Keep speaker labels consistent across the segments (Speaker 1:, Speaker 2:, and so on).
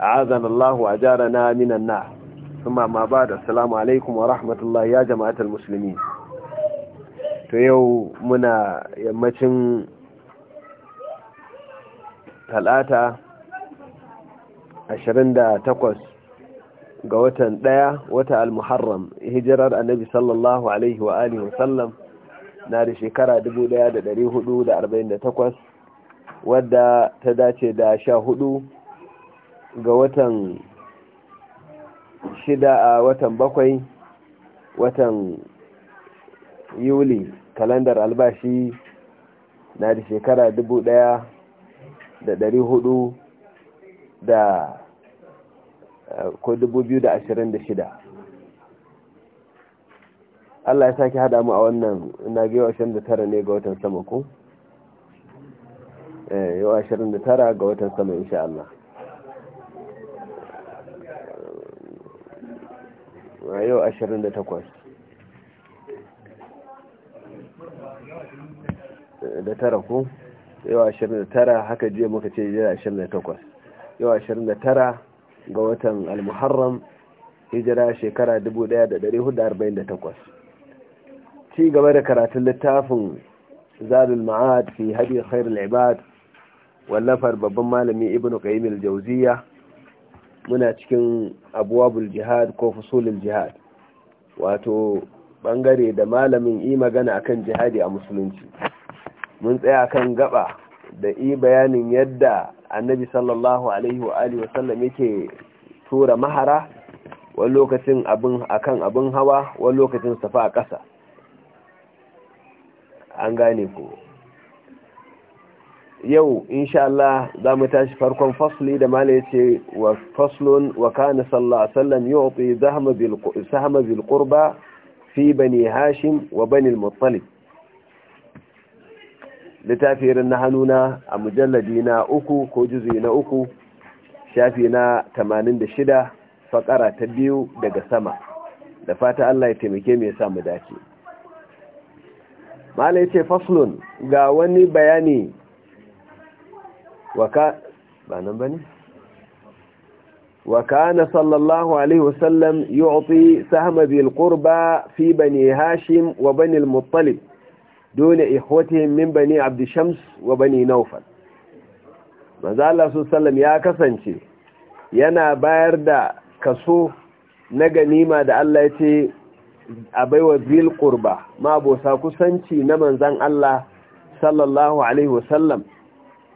Speaker 1: أعاذنا الله وأجارنا من النار ثم ما بعد السلام عليكم ورحمة الله يا جماعة المسلمين تيو منا يمتن talata ashirin da takwas ga watan ɗaya wata al-muharram hijirar annabi sallallahu alaihi wa alihi wasallam na da shekara takwas wadda ta dace da sha huɗu. ga watan shida a watan bakwai watan yuli kalandar albashi na da shekara dubu daya da dari hudu da eh, ko dubu biyu da ashirin da shida Allah ya sake hada mu a wannan na ga yau ashirin da tara ne ga watan sama ko? Eh, yau ashirin da tara ga watan sama insha Allah yau ashirin da takwas da tara ku yau ashirin da tara haka jiya muka ce jiya ashirin da takwas yau ashirin da tara ga watan almuharram hijira shekara dubu da da da hudu arba'in takwas ci gaba da karatun littafin zadul ma'ad fi hadi khairul ibad wallafar babban malami ibnu qayyim al-jawziyya muna cikin abuwabul jihad ko fusulul jihad wato bangare da malamin yi magana akan jihadi a musulunci mun tsaya kan gaba da yi bayanin yadda annabi sallallahu alaihi wa wasallam yake tura mahara wani lokacin abin akan abin hawa wani lokacin safa a ƙasa an gane ku. yau insha Allah za mu tashi farkon fasli da mala ya ce wa faslun wa kana sallallahu alaihi wasallam yu'ti zahma bil sahma bil qurba fi bani hashim wa bani al muttalib litafirin na hannuna a mujalladi na uku ko juzuyi na uku shafi na tamanin da shida, faƙara ta biyu daga sama da fata Allah ya taimake mu ya sa mu dace mala ce faslun ga wani bayani waka ba nan ba ne waka na sallallahu alaihi wasallam yi ofi sahama bilkurba fi bane hashim wa bane mutali dole ihotin min bane abdishams wa bane naufal mazala su sallam ya kasance yana bayar da kaso na ganima da Allah ya ce a baiwa bilkurba ma bosa kusanci na manzan Allah sallallahu alaihi wasallam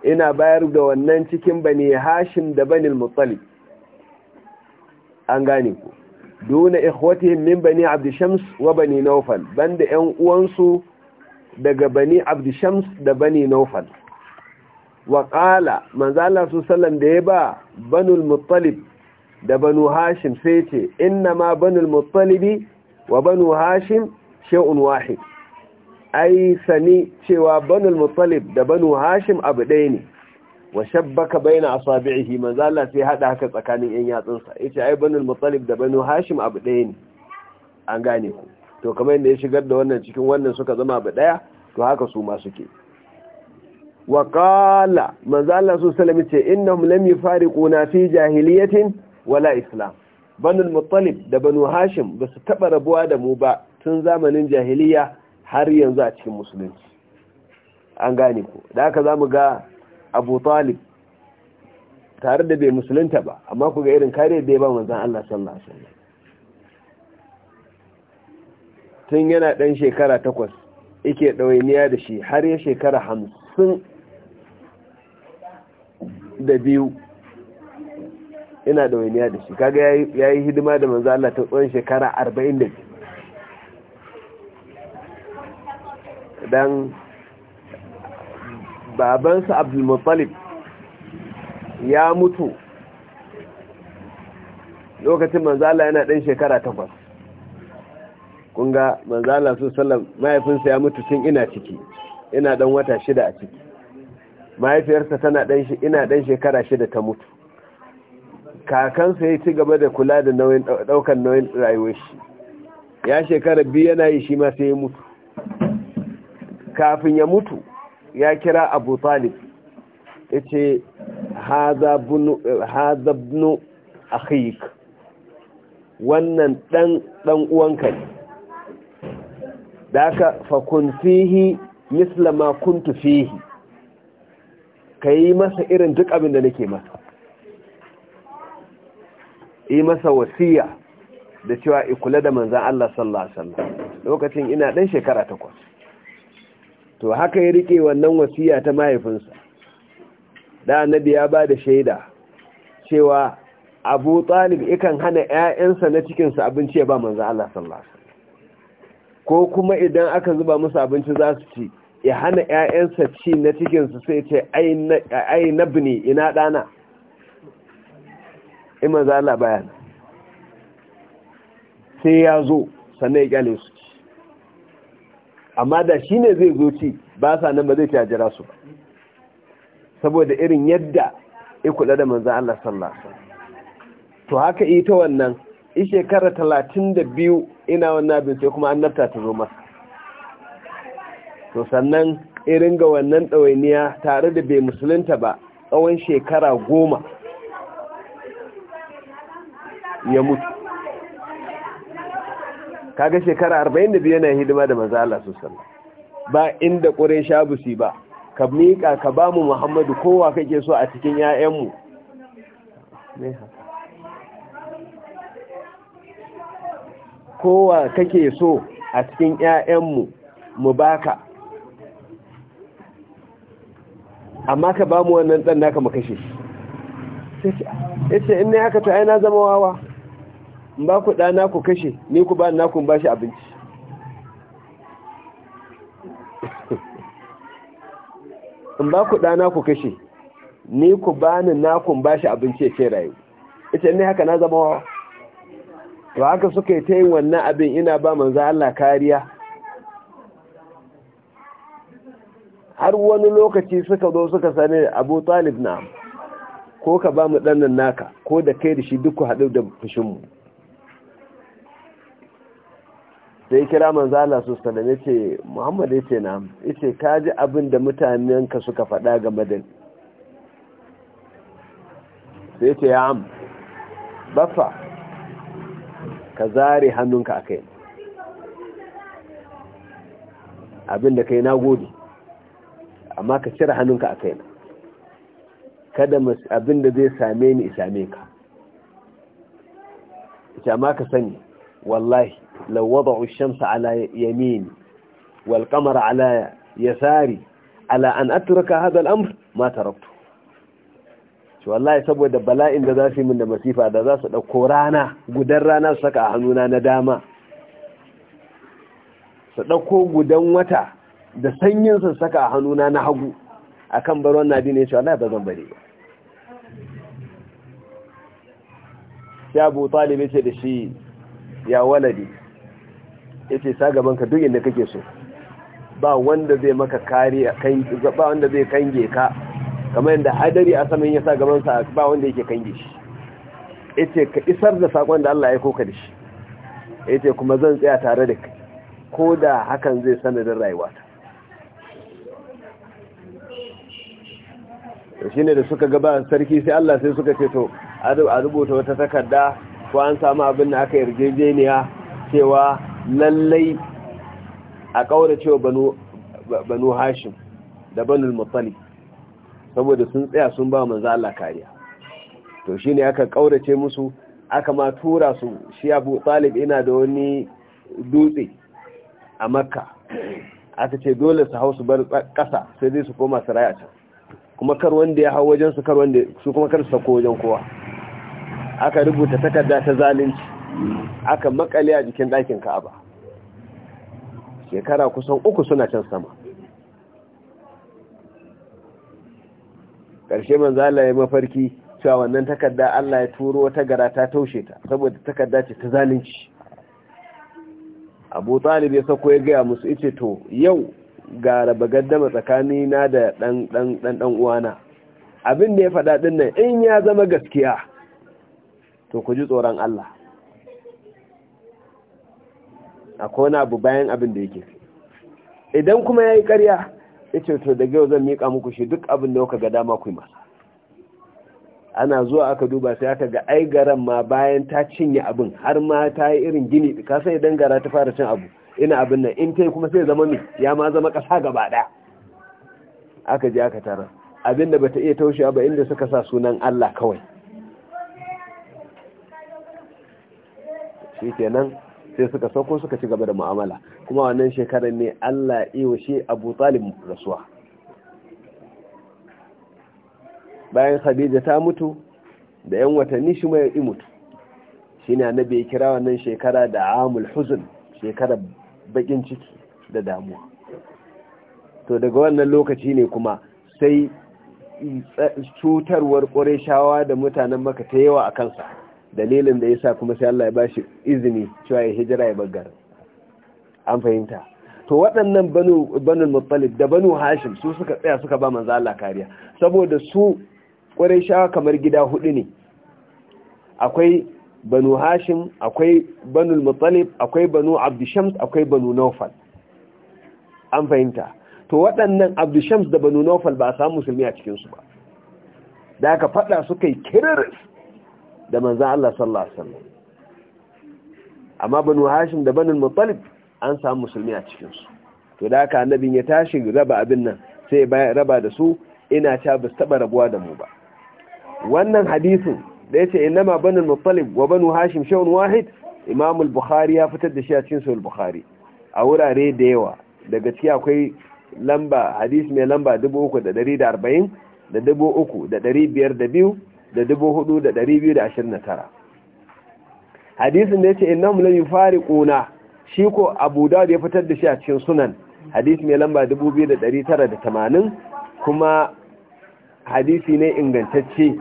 Speaker 1: ina bayar da wannan cikin bani hashin da bani mutsali an gane ku duna ikhwatihim min bani shams wa bani nawfal banda yan uwansu daga bani shams da bani nawfal wa qala manzo Allah sallam da ya ba al muttalib da banu hashim sai ce inna ma al muttalibi wa banu hashim shay'un wahid ai sani cewa banul muttalib da banu hashim abu ɗaya ne wa shabbaka baina asabihi manzo Allah sai hada haka tsakanin yan yatsunsa yace ai banul muttalib da banu hashim abu ɗaya ne an gane ku to kamar yadda ya shigar da wannan cikin wannan suka zama abu ɗaya to haka su ma suke wa qala manzo Allah su sallami ce innahum lam yufariquna fi jahiliyatin wala islam banul muttalib da banu hashim basu taba rabuwa da mu ba tun zamanin jahiliya har yanzu a cikin musulunci an gane ku da aka za mu ga abu talib tare da bai musulunta ba amma ku ga irin kare da ya ba manzan Allah sallallahu alaihi wasallam tun yana dan shekara takwas yake ɗawainiya da shi har ya shekara hamsin da biyu yana ɗawainiya da shi kaga ya yi hidima da manzan Allah ta tsawon shekara arba'in da biyu dan babansa abdulmuttalib ya mutu lokacin manzala yana ɗan shekara takwas kunga manzala su sallam mahaifinsa ya mutu tun ina ciki ina ɗan wata shida a ciki mahaifiyarsa tana ina ɗan shekara shida ta mutu kakansa ya ci gaba da kula da ɗaukan nauyin rayuwar shi ya shekara biyu yana yi shi ma sai ya mutu kafin ya mutu ya kira abu talib ya ce hazabnu akhik wannan ɗan ɗan uwanka ne da aka fakun fihi mislama kuntu fihi ka yi masa irin duk abin da nake masa yi masa wasiya da cewa ikula da manzan Allah sallallahu Alaihi wasallam lokacin ina ɗan shekara takwas to haka ya rike wannan wasiya ta mahaifinsa da annabi ya ba da shaida cewa abu talib ikan hana 'ya'yansa na cikinsa abinci ya ba manzan Allah sallallahu ko kuma idan aka zuba musu abinci za su ci ya hana 'ya'yansa ci na cikinsu sai ce ai na bini ina ɗana ima manzan Allah bayana sai ya zo sannan ya kyale su amma da shi ne zai zo ci ba sa nan ba zai ta jira su ba saboda irin yadda ya kula da manzan Allah sallallahu to haka ita wannan in shekara talatin da biyu ina wannan abin sai kuma annabta ta zo masa to sannan irin ga wannan ɗawainiya tare da bai musulunta ba tsawon shekara goma ya mutu kaga shekara 42 yana hidima da maza Allah sallallahu ba inda quraisha busi ba ka miƙa ka ba mu Muhammadu kowa kake so a cikin ya'yanmu ne kowa kake so a cikin ya'yanmu mu baka amma ka ba mu wannan dan naka mu kashe shi sai ce ah. in ne haka ta aina zama wawa in ba ku ɗana ku kashe ni ku ba na ku ba abinci in ba ku ɗana ku kashe ni ku ba ni na ku ba abinci ce rayu ita ne haka na zama wa to haka suka yi ta yin wannan abin ina ba manzo Allah kariya har wani lokaci suka zo suka sani abu talib na ko ka ba mu ɗannan naka ko da kai da shi duk ku haɗu da fushinmu sai kira manzo Allah su sallam yace Muhammad yace na yace ka ji abin da mutanen ka suka faɗa game da sai ce ya am baffa ka zare hannunka akai abin da kai nagode amma ka cire hannunka akai kada abin da zai same ni same ka ita ma ka sani wallahi لو وضعوا الشمس على يمين ya على يساري على أن أترك هذا الأمر ما تركته shi wallahi saboda bala'in da za su yi min da masifa da za su ɗauko rana gudan rana su saka a hannuna na dama su ɗauko gudan wata da sanyin su saka a hannuna na hagu a kan baron na dina shi wallahi ba zan ba ya abu talibai ce da shi ya waladi ce sa gaban ka duk inda kake so ba wanda zai maka kariya kan ba wanda zai kange ka kamar yadda hadari a saman ya sa gaban sa ba wanda yake kange shi yace ka isar da sakon da Allah ya koka da shi yace kuma zan tsaya tare da kai ko da hakan zai sanadin rayuwata shi ne da suka gaba sarki sai Allah sai suka ce to a rubuta wata takarda ko an samu abin da aka yarjejeniya cewa lallai a ƙauracewa cewa banu hashim da banul matsali saboda sun tsaya sun ba manzo Allah kariya to shine aka kaurace musu aka ma tura su shi Abu Talib ina da wani dutse a Makka aka ce dole su hau hausu bar ƙasa, sai dai su koma su raya can kuma kar wanda ya hau wajen su kar wanda su kuma kar su sako wajen kowa aka rubuta takarda ta zalunci aka makale a jikin ɗakin ka'aba shekara kusan uku suna can sama ƙarshe manzala ya mafarki cewa wannan takarda Allah ya turo wata gara ta taushe ta saboda takarda ce ta zalunci abu talib ya sako ya gaya musu ice to yau ga raba gaddama tsakani na da ɗan uwana abin da ya faɗa dinnan in ya zama gaskiya to ku ji tsoron Allah A wani abu bayan abin da yake idan kuma ya yi karya ya ce to daga yau zan miƙa muku shi duk abin da kuka ga dama ku masa ana zuwa aka duba sai aka ga ai garan ma bayan ta cinye abin har ma ta yi irin gini ka san idan gara ta fara cin abu ina abin nan in ta kuma sai zama mi ya ma zama ƙasa gaba ɗaya aka je aka tara abin da bata iya taushewa ba inda suka sa sunan Allah kawai shi kenan sai suka sauko suka ci gaba da mu'amala kuma wannan shekarar ne Allah iya shi Abu Talib rasuwa bayan Khadija ta mutu da yan watanni shi mai yi mutu shine annabi ya kira wannan shekara da amul huzn shekarar bakin ciki da damuwa to daga wannan lokaci ne kuma sai cutarwar shawa da mutanen maka ta yawa a kansa dalilin da ya sa kuma sai Allah ya bashi izini cewa ya hijira ya baggar an fahimta to waɗannan banu banu da banu hashim su suka tsaya suka ba manzo Allah kariya saboda su sha kamar gida hudu ne akwai banu hashim akwai banu muttalib akwai banu abdushams akwai banu nawfal an fahimta to waɗannan abdushams da banu nawfal ba a samu musulmi a cikin su ba da aka faɗa su kai kiriris da manzan Allah sallallahu Alaihi wasallam amma banu hashim da banin muttalib an samu musulmi a cikinsu to da haka annabin ya tashi raba abin nan sai ya raba da su ina ta ba taba rabuwa da mu ba wannan hadisin da yace ma banin muttalib wa banu hashim shawun wahid imam al-bukhari ya fitar da shi a cikin sahih bukhari a wurare da yawa daga ciki akwai lamba hadis mai lamba 3340 da 3502 da dubu hudu da dari biyu da ashirin da tara hadisin da ya ce innahum fari ƙuna shi ko abu da ya fitar da shi a cikin sunan hadisi mai lamba dubu biyu da dari tara da tamanin kuma hadisi ne ingantacce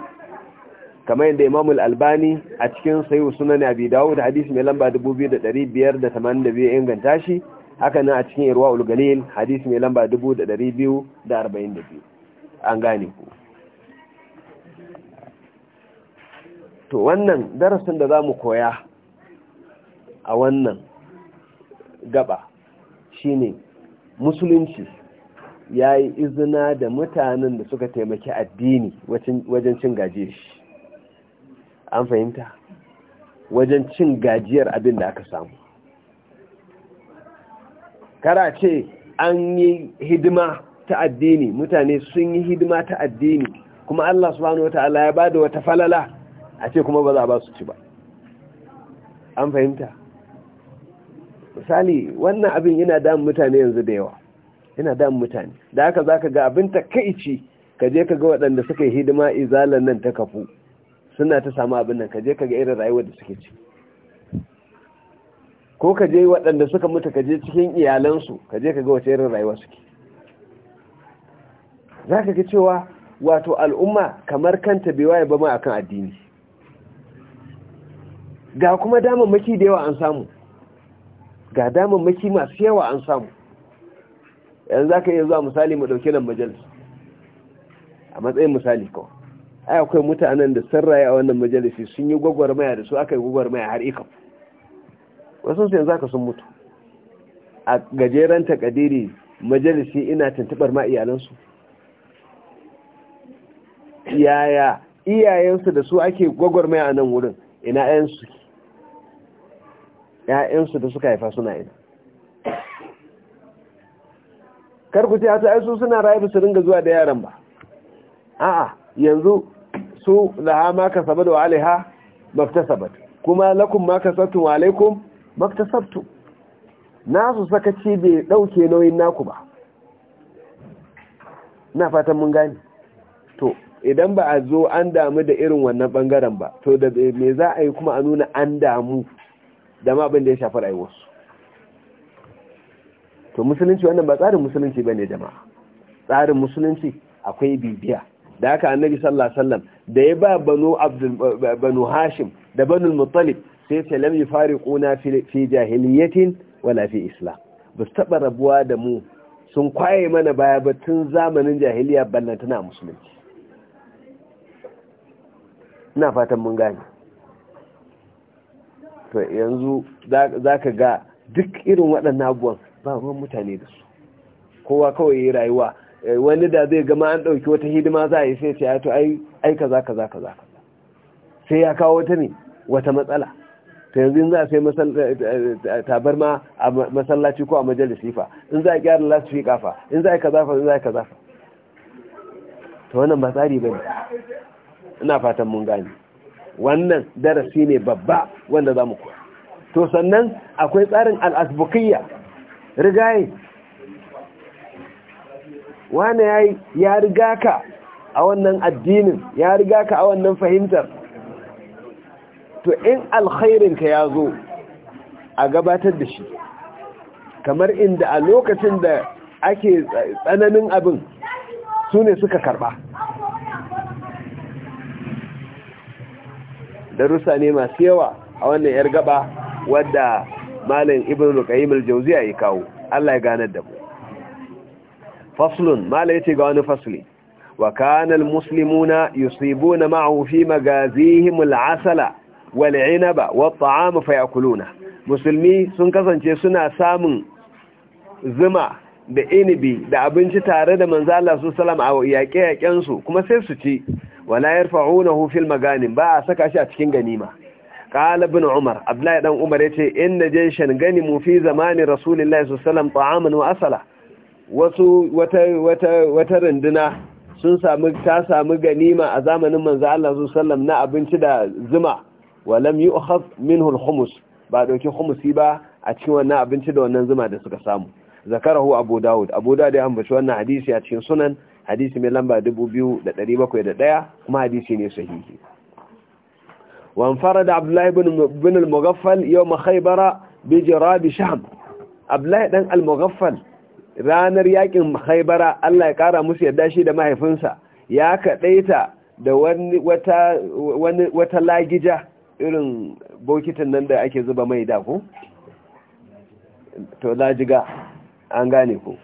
Speaker 1: kamar yadda imamul albani a cikin sayi sunan abi da hadisi mai lamba dubu biyu da dari biyar da tamanin da biyu inganta shi haka nan a cikin irwa ulgalil hadisi mai lamba dubu da dari biyu da arba'in da biyu an gane ku to wannan darasin da za mu koya a wannan gaba shine musulunci ya yi izina da mutanen da suka taimaki addini wajen cin gajiyar shi an fahimta wajen cin gajiyar abin da aka samu kara ce an yi hidima ta addini mutane sun yi hidima ta addini kuma Allah subhanahu wa ta'ala ya bada wata falala a ce kuma ba za a ba su ci ba an fahimta misali wannan abin yana damun mutane yanzu da yawa yana damun mutane da haka za ka ga abin takaici ka je ka ga waɗanda suka yi hidima izalan nan ta kafu suna ta samu abin nan ka je ka ga irin rayuwar da suke ci ko ka je waɗanda suka mutu ka je cikin iyalansu ka je ka ga wace irin rayuwa suke za ka ga cewa wato al'umma kamar kanta bai waye ba ma akan addini ga kuma maki da yawa an samu ga maki masu yawa an samu yanzu ka iya zuwa misali mu dauke nan majalis a matsayin misali kawai ai akwai mutanen da sun raye a wannan majalisi sun yi gwagwarmaya da su aka yi gwagwarmaya har ikam wasu su yanzu ka sun mutu a gajeren takadiri majalisi ina tuntubar ma iyalansu yaya iyayensu da su ake gwagwarmaya a nan wurin ina 'yansu ‘ya'yansu da suka haifa suna ina karku ce a ta su suna rayu su ringa zuwa da yaran ba a'a yanzu su laha ma ka saba da wa'alaiha maftasabat kuma lakum ma ka wa alaikum sabtun nasu sakaci bai ɗauke nauyin naku ba na fatan mun gani to idan ba a zo an damu da irin wannan bangaren ba to da me za a yi kuma a nuna an damu da ma abin da ya shafi rayuwarsu to musulunci wannan ba tsarin musulunci bane jama'a tsarin musulunci akwai bibiya da haka annabi sallallahu alaihi wasallam da ya ba banu abdul banu hashim da banu muttalib sai ce lam yufariquna fi jahiliyatin wala fi islam ba su taba rabuwa da mu sun kwaye mana baya ba tun zamanin jahiliya ballantana musulunci ina fatan mun gane to yanzu za ka ga duk irin waɗannan abubuwan ba ruwan mutane da su kowa kawai yi rayuwa eh, wani da zai gama an ɗauki wata hidima za a yi sai ya to ai kaza kaza kaza sai ya kawo wata ne wata matsala ta yanzu za a sai eh, eh, tabarma a masallaci ko a majalisi fa in za a gyara lasfi kafa in za a yi kaza fa in za a yi kaza fa ta wannan ba tsari ba ne ina fatan mun gani wannan darasi ne babba wanda za mu kuwa to sannan akwai tsarin al'asbukiya rigayi wane ya yi ya riga ka a wannan addinin ya riga ka a wannan fahimtar to in alkhairinka ya zo a gabatar da shi kamar inda a lokacin da ake tsananin abin su ne suka karba darussa ne masu yawa a wannan yar gaba wadda malam ibn al-qayyim al ya kawo Allah ya ganar da mu faslun malam ce ga wani fasli wa kana al-muslimuna yusibuna ma'ahu fi magazihim al-asala wal-inaba wat-ta'am fayakuluna musulmi sun kasance suna samun zuma da inibi da abinci tare da manzo Allah sallallahu a yaƙe-yaƙensu kuma sai su ci wala yarfa'unahu fil maganin? ba a saka shi a cikin ganima qala bin umar abdullahi Ɗan umar yace shan gani ganimu fi zamani rasulillahi sallallahu alaihi ba ta'aman wa asala wasu wata rinduna sun samu ta samu ganima a zamanin Manza Allah su na abinci da zuma walam yi minhu al-humus ba ɗauki humusi ba a cikin wannan abinci da wannan zuma da suka samu zakarahu abu daud abu daud ya ambaci wannan hadisi a cikin sunan hadisi mai lamba 2701 kuma hadisi ne sahihi وانفرد Abdullahi الله al بن المغفل يوم خيبر بجراب sham Abdullahi dan al mughaffal ranar yakin haibara Allah ya kara musu yadda shi da mahaifinsa ya kadaita da wata wata lagija irin bokitin nan da ake zuba mai da ko to lajiga an gane ko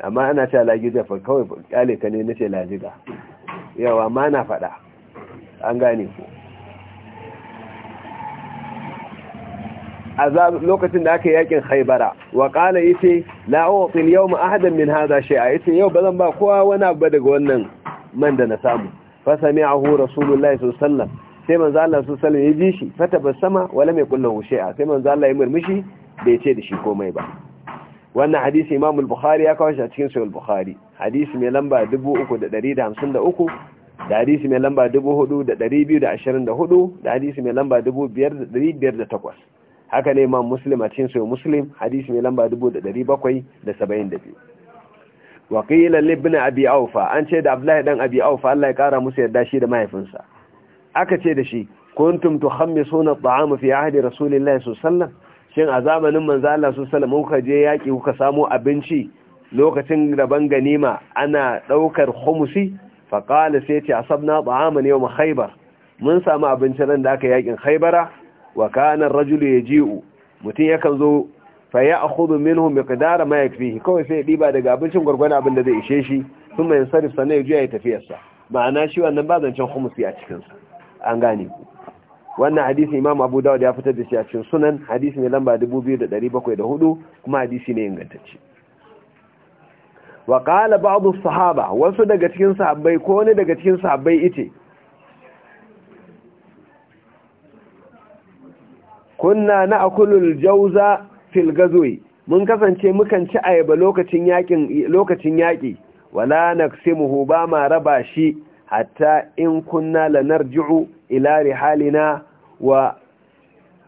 Speaker 1: amma ana cewa lagida fa kawai kyale ka ne nace lagida yawa ma na faɗa an gane ku azab lokacin da aka yakin haibara wa qala yati la uqil yawma ahadan min hadha shay'a yati yau bazan ba kowa wani abu daga wannan man da na samu fa sami'ahu rasulullahi sallallahu alaihi wasallam sai manzo Allah sallallahu alaihi wasallam ya ji shi tabassama wala mai kullu shay'a sai manzo Allah ya murmushi bai ce da shi komai ba wannan hadisi imam al-bukhari ya kawo shi a cikin sahih al-bukhari hadisi mai lamba 353 da hadisi mai lamba 4224 da hadisi mai lamba 5508 haka ne imam muslim a cikin sahih muslim hadisi mai lamba 7772 wa qila li ibn abi aufa an ce da abdullahi dan abi aufa Allah ya kara musu yarda shi da mahaifinsa aka ce da shi kuntum tuhammisuna at-ta'ama fi ahdi rasulillahi sallallahu alaihi wasallam shin a zamanin manzo Allah alaihi wasallam kuka je yaki kuka samu abinci lokacin raban ganima ana daukar khumusi fa qala sai ce asabna ta'aman yawm khaybar mun samu abinci ran da aka yakin khaybara wa kana ar-rajulu yaji'u mutun yakan zo fa ya'khudhu minhum miqdara ma yakfihi kawai sai diba daga abincin gurgurna abin da zai ishe shi kuma yansarif sanai ya tafiyarsa ma'ana shi wannan ba zancen khumusi a cikin sa an gane ku wannan hadisi imam abu dawud ya fitar da shi a cikin sunan hadisi ne lamba 2704 kuma hadisi ne ingantacce wa qala ba'du sahaba wasu daga cikin sahabbai ko ne daga cikin sahabbai ite kunna na'kulul jawza fil gazwi mun kasance mukan ci ayaba lokacin yakin lokacin yaki wala naksimuhu ba ma raba shi hatta in kunna lanarji'u ilari halina wa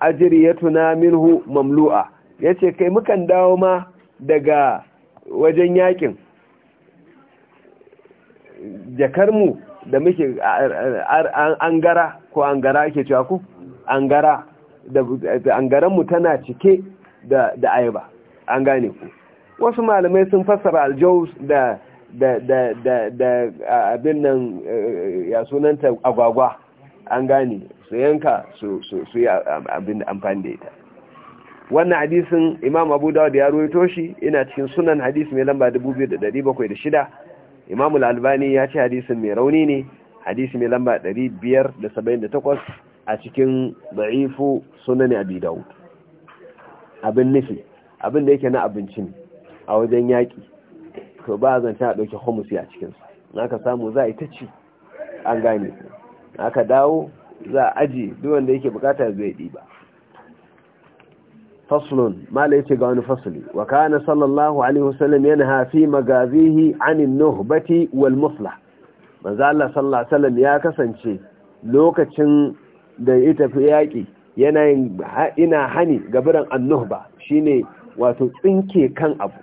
Speaker 1: ajriyatuna minhu mamlu'a yace kai mukan dawo ma daga wajen yakin jakarmu da muke an gara ko an gara ake cewa ku an gara da angaranmu tana cike da ayaba an gane ku wasu malamai sun fassara aljaws da da da da abin nan eh, ya sunanta agwagwa an gane su yanka su yi abin amfani da ita wannan hadisin imam abu dawud ya ruwaito shi ina cikin sunan hadisi mai lamba 2706 imam al-albani ya ce hadisin mai rauni ne hadisi mai lamba 578 a cikin da'ifu sunan abi dawud abin nufi abin da yake na abincin a wajen yaƙi to ba zan ta ɗauki homusi a cikinsa na ka samu za a yi ta ci an gane aka dawo za a aji duk wanda yake bukata zai ba. faslun mala yace ga wani fasli wa kana sallallahu alaihi wasallam yanha fi magazihi anin nuhbati wal muslah manzo Allah sallallahu alaihi wasallam ya kasance lokacin da ya tafi yaki yana ina hani gabaran annuhba shine wato tsinke kan abu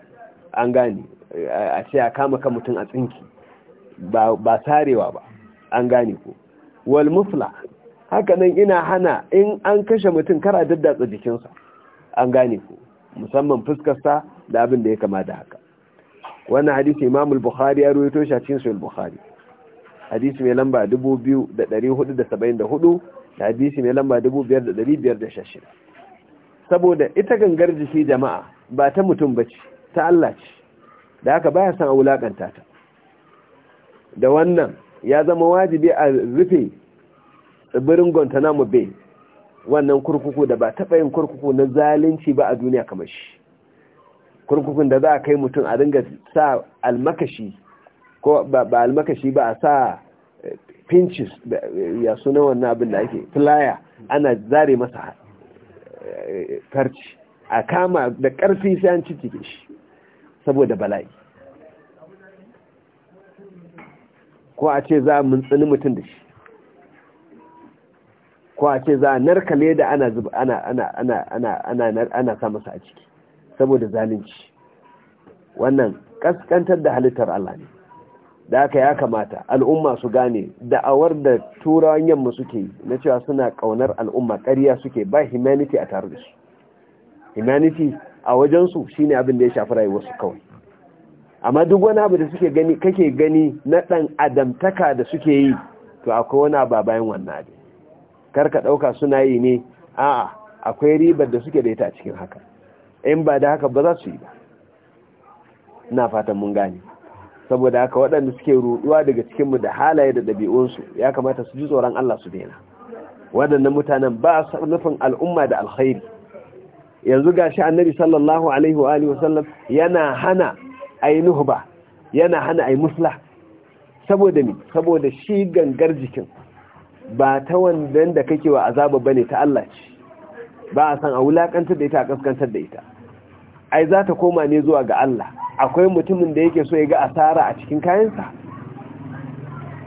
Speaker 1: an gane a ce a kama kan mutum a tsinki ba sarewa ba an gane ko wal mufla nan ina hana in an kashe mutum kar a daddatsa jikinsa an gane ku musamman fuskarsa da abin da ya kama da haka wannan hadisi imam al-bukhari ya ruwaito shi a cikin sahih bukhari hadisi mai lamba 2474 da hadisi mai lamba 5516 saboda ita gangar jiki jama'a ba ta mutum bace ta Allah ce da haka baya san a wulakanta ta da wannan ya zama wajibi a rufe tsibirin guantanamo bay wannan kurkuku da ba taɓa yin kurkuku na zalunci ba a duniya kamar shi kurkukun da za a kai mutum a dinga sa almakashi ko ba almakashi ba a sa eh, pinches eh, ya suna wannan abin da ake flyer ana zare masa eh, farci a kama da ƙarfi sai an cikin shi saboda bala'i ko a ce za mun tsini mutum da shi ko a ce za a narkale da ana ana sa masa a ciki saboda zalunci wannan kaskantar da halittar Allah ne da aka ya kamata al'umma su gane da'awar da turawan yamma suke na cewa suna kaunar al'umma ƙarya suke ba humanity a tare da su humanity a wajensu shine abin da ya shafi rayuwarsu kawai amma duk wani abu da suke gani kake gani na dan adamtaka da suke yi to akwai wani abu bayan wannan abu kar ka dauka suna yi ne a'a akwai ribar da suke da ita a cikin haka in ba da haka ba za su yi ba ina fatan mun gane saboda haka waɗanda suke ruɗuwa daga cikin mu da halaye da ɗabi'unsu ya kamata su ji tsoron Allah su daina waɗannan mutanen ba su nufin al'umma da alkhairi yanzu gashi annabi sallallahu alaihi wa alihi wasallam yana hana a yi ba yana hana a musla saboda mi saboda shi gangar jikin ba ta wandan da kake wa azaba bane ta Allah ce ba a san a wulakantar da ita a kaskantar da ita ai za ta koma ne zuwa ga Allah akwai mutumin da yake so ya ga asara a cikin kayansa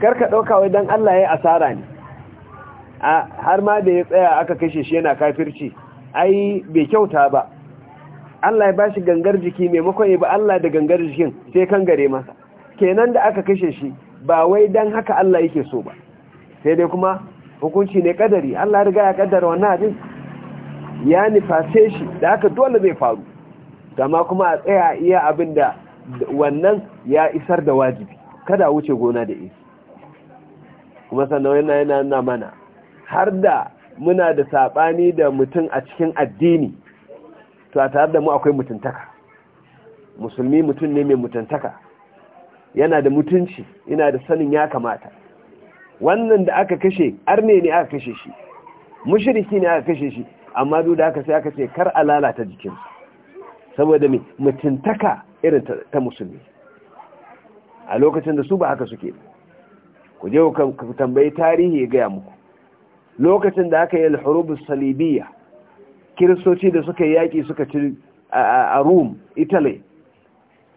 Speaker 1: karka ɗauka wai don Allah ya asara ne har ma da ya tsaya aka kashe shi yana kafirci ai bai kyauta ba Allah ya bashi gangar jiki maimakon ya ba, Allah da gangar jikin sai kan gare masa kenan da aka kashe shi ba wai dan haka Allah yake so ba sai dai kuma hukunci ne kadari Allah ya riga ya kaddara wannan abin ya nifase shi da haka dole zai faru amma kuma a tsaya iya abin da wannan ya isar da wajibi kada wuce gona da isi kuma sannan yana yana mana har da muna da saɓani da mutum a cikin addini to a tare da mu akwai mutuntaka musulmi mutum ne mai mutuntaka yana da mutunci yana da sanin ya kamata wannan da aka kashe arne ne aka kashe shi mushiriki ne aka kashe shi amma duk da aka sai aka ce kar a lalata jikin saboda mai mutuntaka irin ta musulmi a lokacin da su ba haka suke ku je ku tambayi tarihi ya gaya muku lokacin da aka yi al salibiyya kiristoci da suka yaƙi suka ci a rum Italy,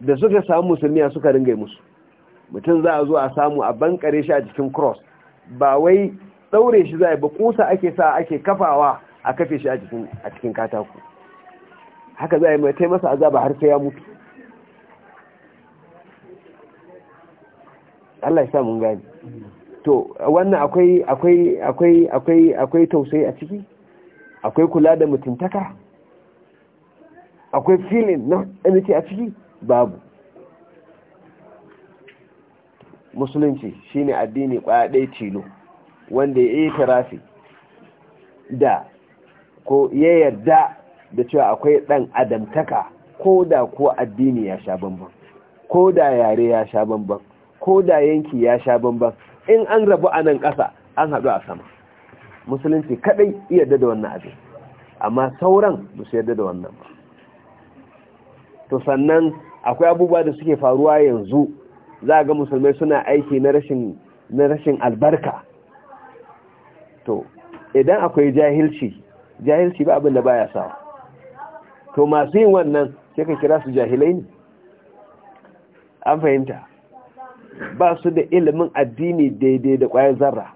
Speaker 1: da suka samu musulmiya suka ringa musu. Mutum za a zo a samu a bankare shi a cikin cross, ba wai ɗaure shi za a yi ba kusa ake sa ake kafawa a kafe shi a cikin katako. Haka za a yi mai taimasa zaba har sai ya mutu. Allah ya sa mun gani. To, wannan akwai akwai akwai akwai akwai tausayi a ciki? akwai kula da mutuntaka akwai filin na amince a ciki babu musulunci shine addini kwaya cilo wanda ya yi tarafi da ko ya yarda da cewa akwai ɗan adamtaka ko da kuwa addini ya sha bambam ko da yare ya sha bambam ko da yanki ya sha bambam in an rabu a nan ƙasa an haɗu a sama musulunci kadai iya da wannan abin amma sauran ba su yarda da wannan ba to sannan akwai abubuwa da suke faruwa yanzu za ga musulmai suna aiki na rashin na rashin albarka to idan akwai jahilci jahilci ba abin da baya sawa. to masu yin wannan sai ka kira su jahilai ne an fahimta ba su da ilimin addini daidai da kwayar zarra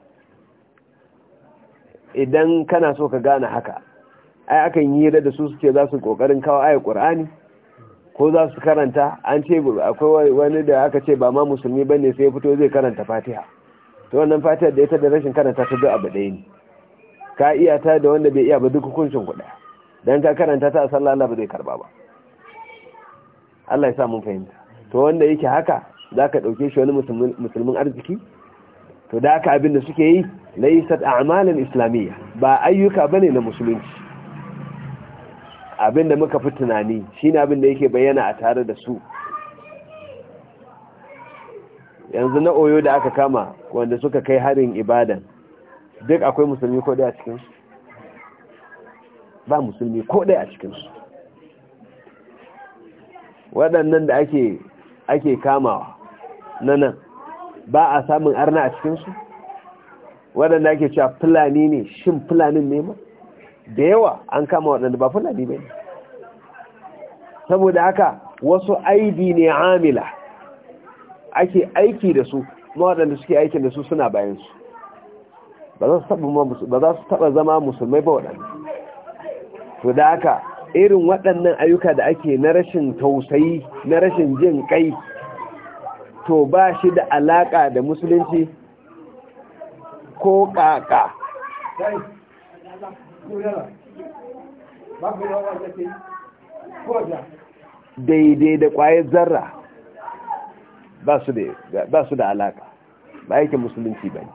Speaker 1: idan kana so ka gane haka ai akan yi hira da su suke za su kokarin kawo ayat qur'ani ko za su karanta an ce akwai wani da aka ce ba ma musulmi bane sai ya fito zai karanta fatiha to wannan fatiha da ita da rashin karanta ta duk abu ɗaya ne ka iya ta da wanda bai iya ba duk hukuncin kuɗa dan ka karanta ta a sallah Allah ba zai karba ba Allah ya sa mun fahimta to wanda yake haka zaka dauke shi wani musulmin arziki to da haka abin da suke yi laysat a'malan islamiyya ba ayyuka bane na musulunci abinda muka fi tunani shine abinda yake bayyana a tare da su yanzu na oyo da aka kama wanda suka kai harin ibadan duk akwai musulmi ko a cikin su ba musulmi ko a cikin su waɗannan da ake ake kamawa na nan ba a samun arna a cikin su waɗanda ake cewa fulani ne shin fulanin ne ma da yawa an kama waɗanda ba fulani ba ne saboda haka wasu aibi ne amila ake aiki da su ma waɗanda suke aikin da su suna bayansu ba za su taɓa zama musulmai ba waɗanda to da haka irin waɗannan ayyuka da ake na rashin tausayi na rashin jin kai to ba shi da alaƙa da musulunci ko kaka daidai da kwayar zarra ba su da alaka ba yake musulunci ba ne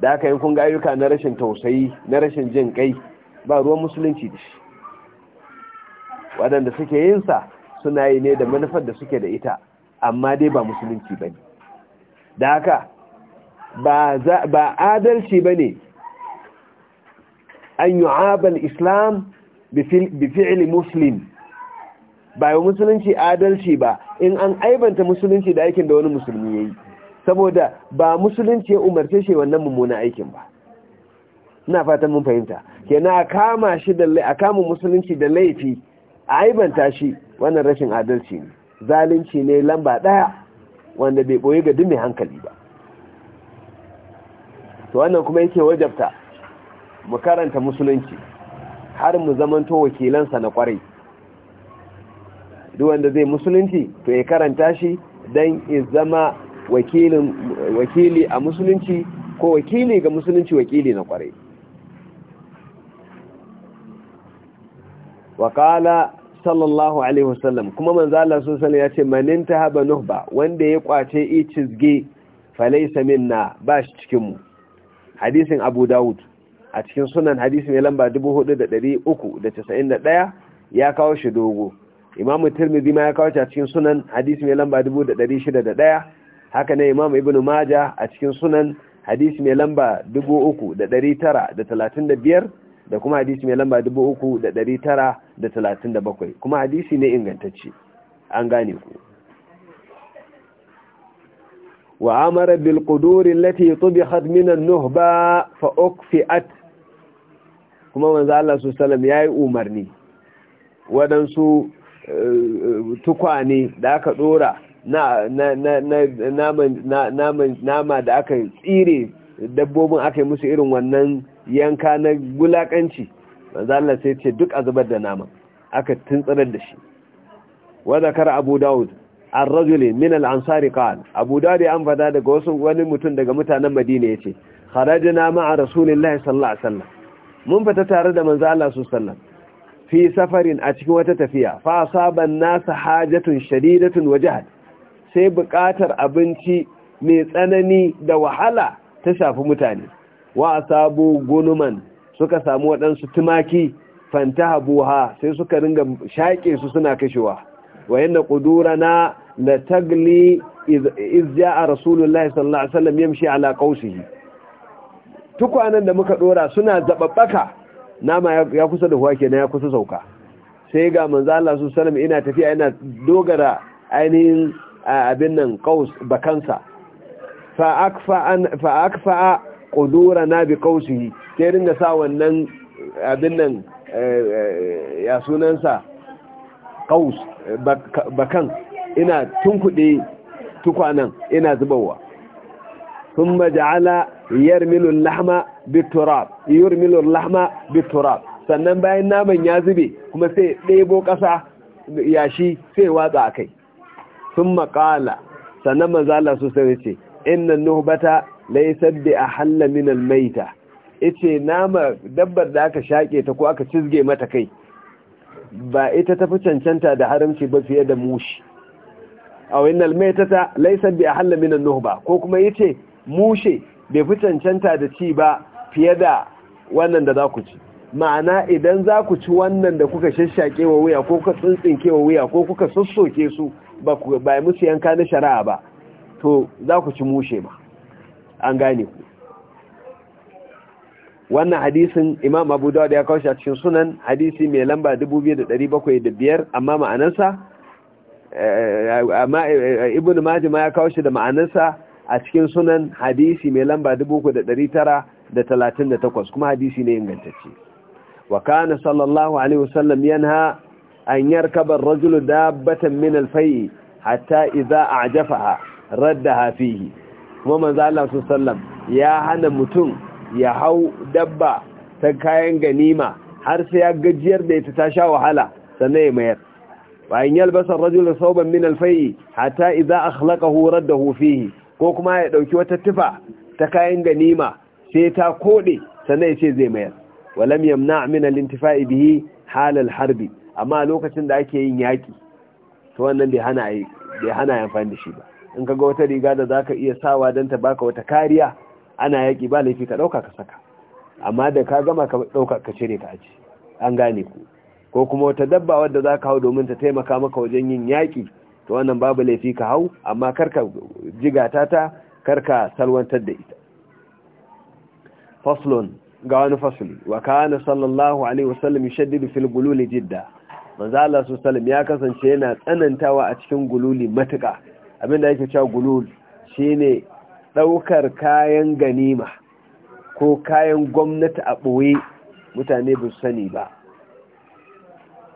Speaker 1: da aka yi kun na rashin tausayi na rashin jin kai ba ruwan musulunci da shi waɗanda suke yinsa suna yi ne da manufar da suke da ita amma dai ba musulunci ba ne da haka ba adalci ba ne an yi abal islam bifi'ili muslim ba yi musulunci adalci ba in an aibanta musulunci da aikin da wani musulmi ya yi saboda ba musulunci ya umarce shi wannan mummuna aikin ba na fatan mun fahimta kenan a kama shi da a kama musulunci da laifi a aibanta shi wannan rashin adalci ne zalunci ne lamba daya wanda bai boye ga dume hankali ba to wannan kuma yake wajabta mu karanta musulunci har mu zamanto wakilansa na kwarai duk wanda zai musulunci to ya karanta shi dan in zama wakili a musulunci ko wakili ga musulunci wakili na kwarai wakala sallallahu alaihi wasallam kuma manzala sun ya ce ta haba nuhba wanda ya kwace ichizge falaisa minna ba shi cikinmu hadisin abu dawud a cikin sunan hadisi mai lamba 4391 ya kawo shi dogo imamu tirmidhi ma ya kawo shi a cikin sunan hadisi mai lamba 6,601 haka ne imamu ibn maja a cikin sunan hadisi mai lamba 3935 da kuma hadisi mai lamba 3937 kuma hadisi ne ingantacce an gane ku وعمر بالقدور التي طبخت من النهبة فأكفئت كما من ذا الله صلى الله أمرني ودنسو tukwane da aka dora na nama da aka tsire dabbobin aka yi musu irin wannan yanka na gulakanci manzala sai ce duk a zubar da nama aka tuntsarar da shi wadda kar abu dawud arrajuli min al-ansari qala abu dawud an fada daga wasu wani mutum daga mutanen madina ce kharajna ma'a rasulillahi sallallahu alaihi wasallam mun fita tare da manzo Allah fi safarin a cikin wata tafiya fa asaban nasa hajatun shadidatun wa sai buƙatar abinci mai tsanani da wahala ta shafi mutane wa asabu gunuman suka samu waɗansu tumaki fantahabuha sai suka ringa shaƙe su suna kashewa wa inna qudurana la tagli iz jaa rasulullahi sallallahu yamshi ala qausihi tukwanan da muka ɗora suna zabaɓaka. nama ya kusa da huwa kenan ya kusa sauka sai ga Manza Allah su sallam ina tafiya ina dogara ainihin abin nan bakansa fa akfa an fa akfa qudurana bi qausihi sai ringa sa wannan abin nan eh, eh, ya sunansa kaus eh, bakan ina tunkuɗe tukwanan ina zubawa 'yar جعل lahama اللحم 'yar يرمل lahama بالتراب sannan bayan naman ya zube kuma sai ɗebo ƙasa yashi sai watsa a kai sun maƙala sannan manzala su sai ce innan nuhbata laisar da a halla minal maita ice nama dabbar da aka shaƙe ta ko aka cizge mata kai ba ita tafi cancanta da haramci ba fiye da mushi a wannan maitata laisan bi a min nuhu ba ko kuma ce mushe bai fi cancanta da ci ba fiye da wannan da za ku ci ma'ana idan za ku ci wannan da kuka shashake wa wuya ko kuka ke wa wuya ko kuka sassoke su ba ku musu yanka na shari'a ba to za ku ci mushe ba an gane ku wannan hadisin imam abu dawud ya kawo shi a cikin sunan hadisi mai lamba 2705 amma ma'anarsa eh, amma eh, ibn majah ma ya kawo shi da ma'anarsa a cikin sunan hadisi mai lamba 3938 kuma hadisi ne ingantacce wa kana sallallahu alaihi wasallam yanha an yarkaba ar-rajulu dabbatan min al-fay'i hatta idza a'jafaha raddaha fihi kuma manzo Allah sallallahu alaihi wasallam ya hana mutum ya hau dabba ta kayan ganima har sai ya gajiyar da ita ta sha wahala sannan ya mayar bayan yalbasa rajul sauban min alfai hatta idza horar da fihi ko kuma ya dauki wata tufa ta kayan ganima sai ta kode sannan ya ce zai mayar walam yamna min alintifa'i bihi halal harbi amma lokacin da ake yin yaki to wannan bai hana bai hana amfani da shi ba in ka ga wata riga da zaka iya sawa dan ta baka wata kariya ana yaki ba laifi ka ɗauka ka saka amma da ka gama ka ɗauka ka cire ka aji an gane ku ko kuma wata dabba wadda za ka hau domin ta taimaka maka wajen yin yaki to wannan babu laifi ka hau amma karka jigata ta karka salwantar da ita faslon ga wani fasli wa kana sallallahu alaihi wasallam yashaddidu fil gululi jidda manzo Allah sallallahu ya kasance yana tsanantawa a cikin gululi matuka abinda yake cewa gulul shine ɗaukar kayan ganima ko kayan gwamnati a ɓoye mutane ba sani ba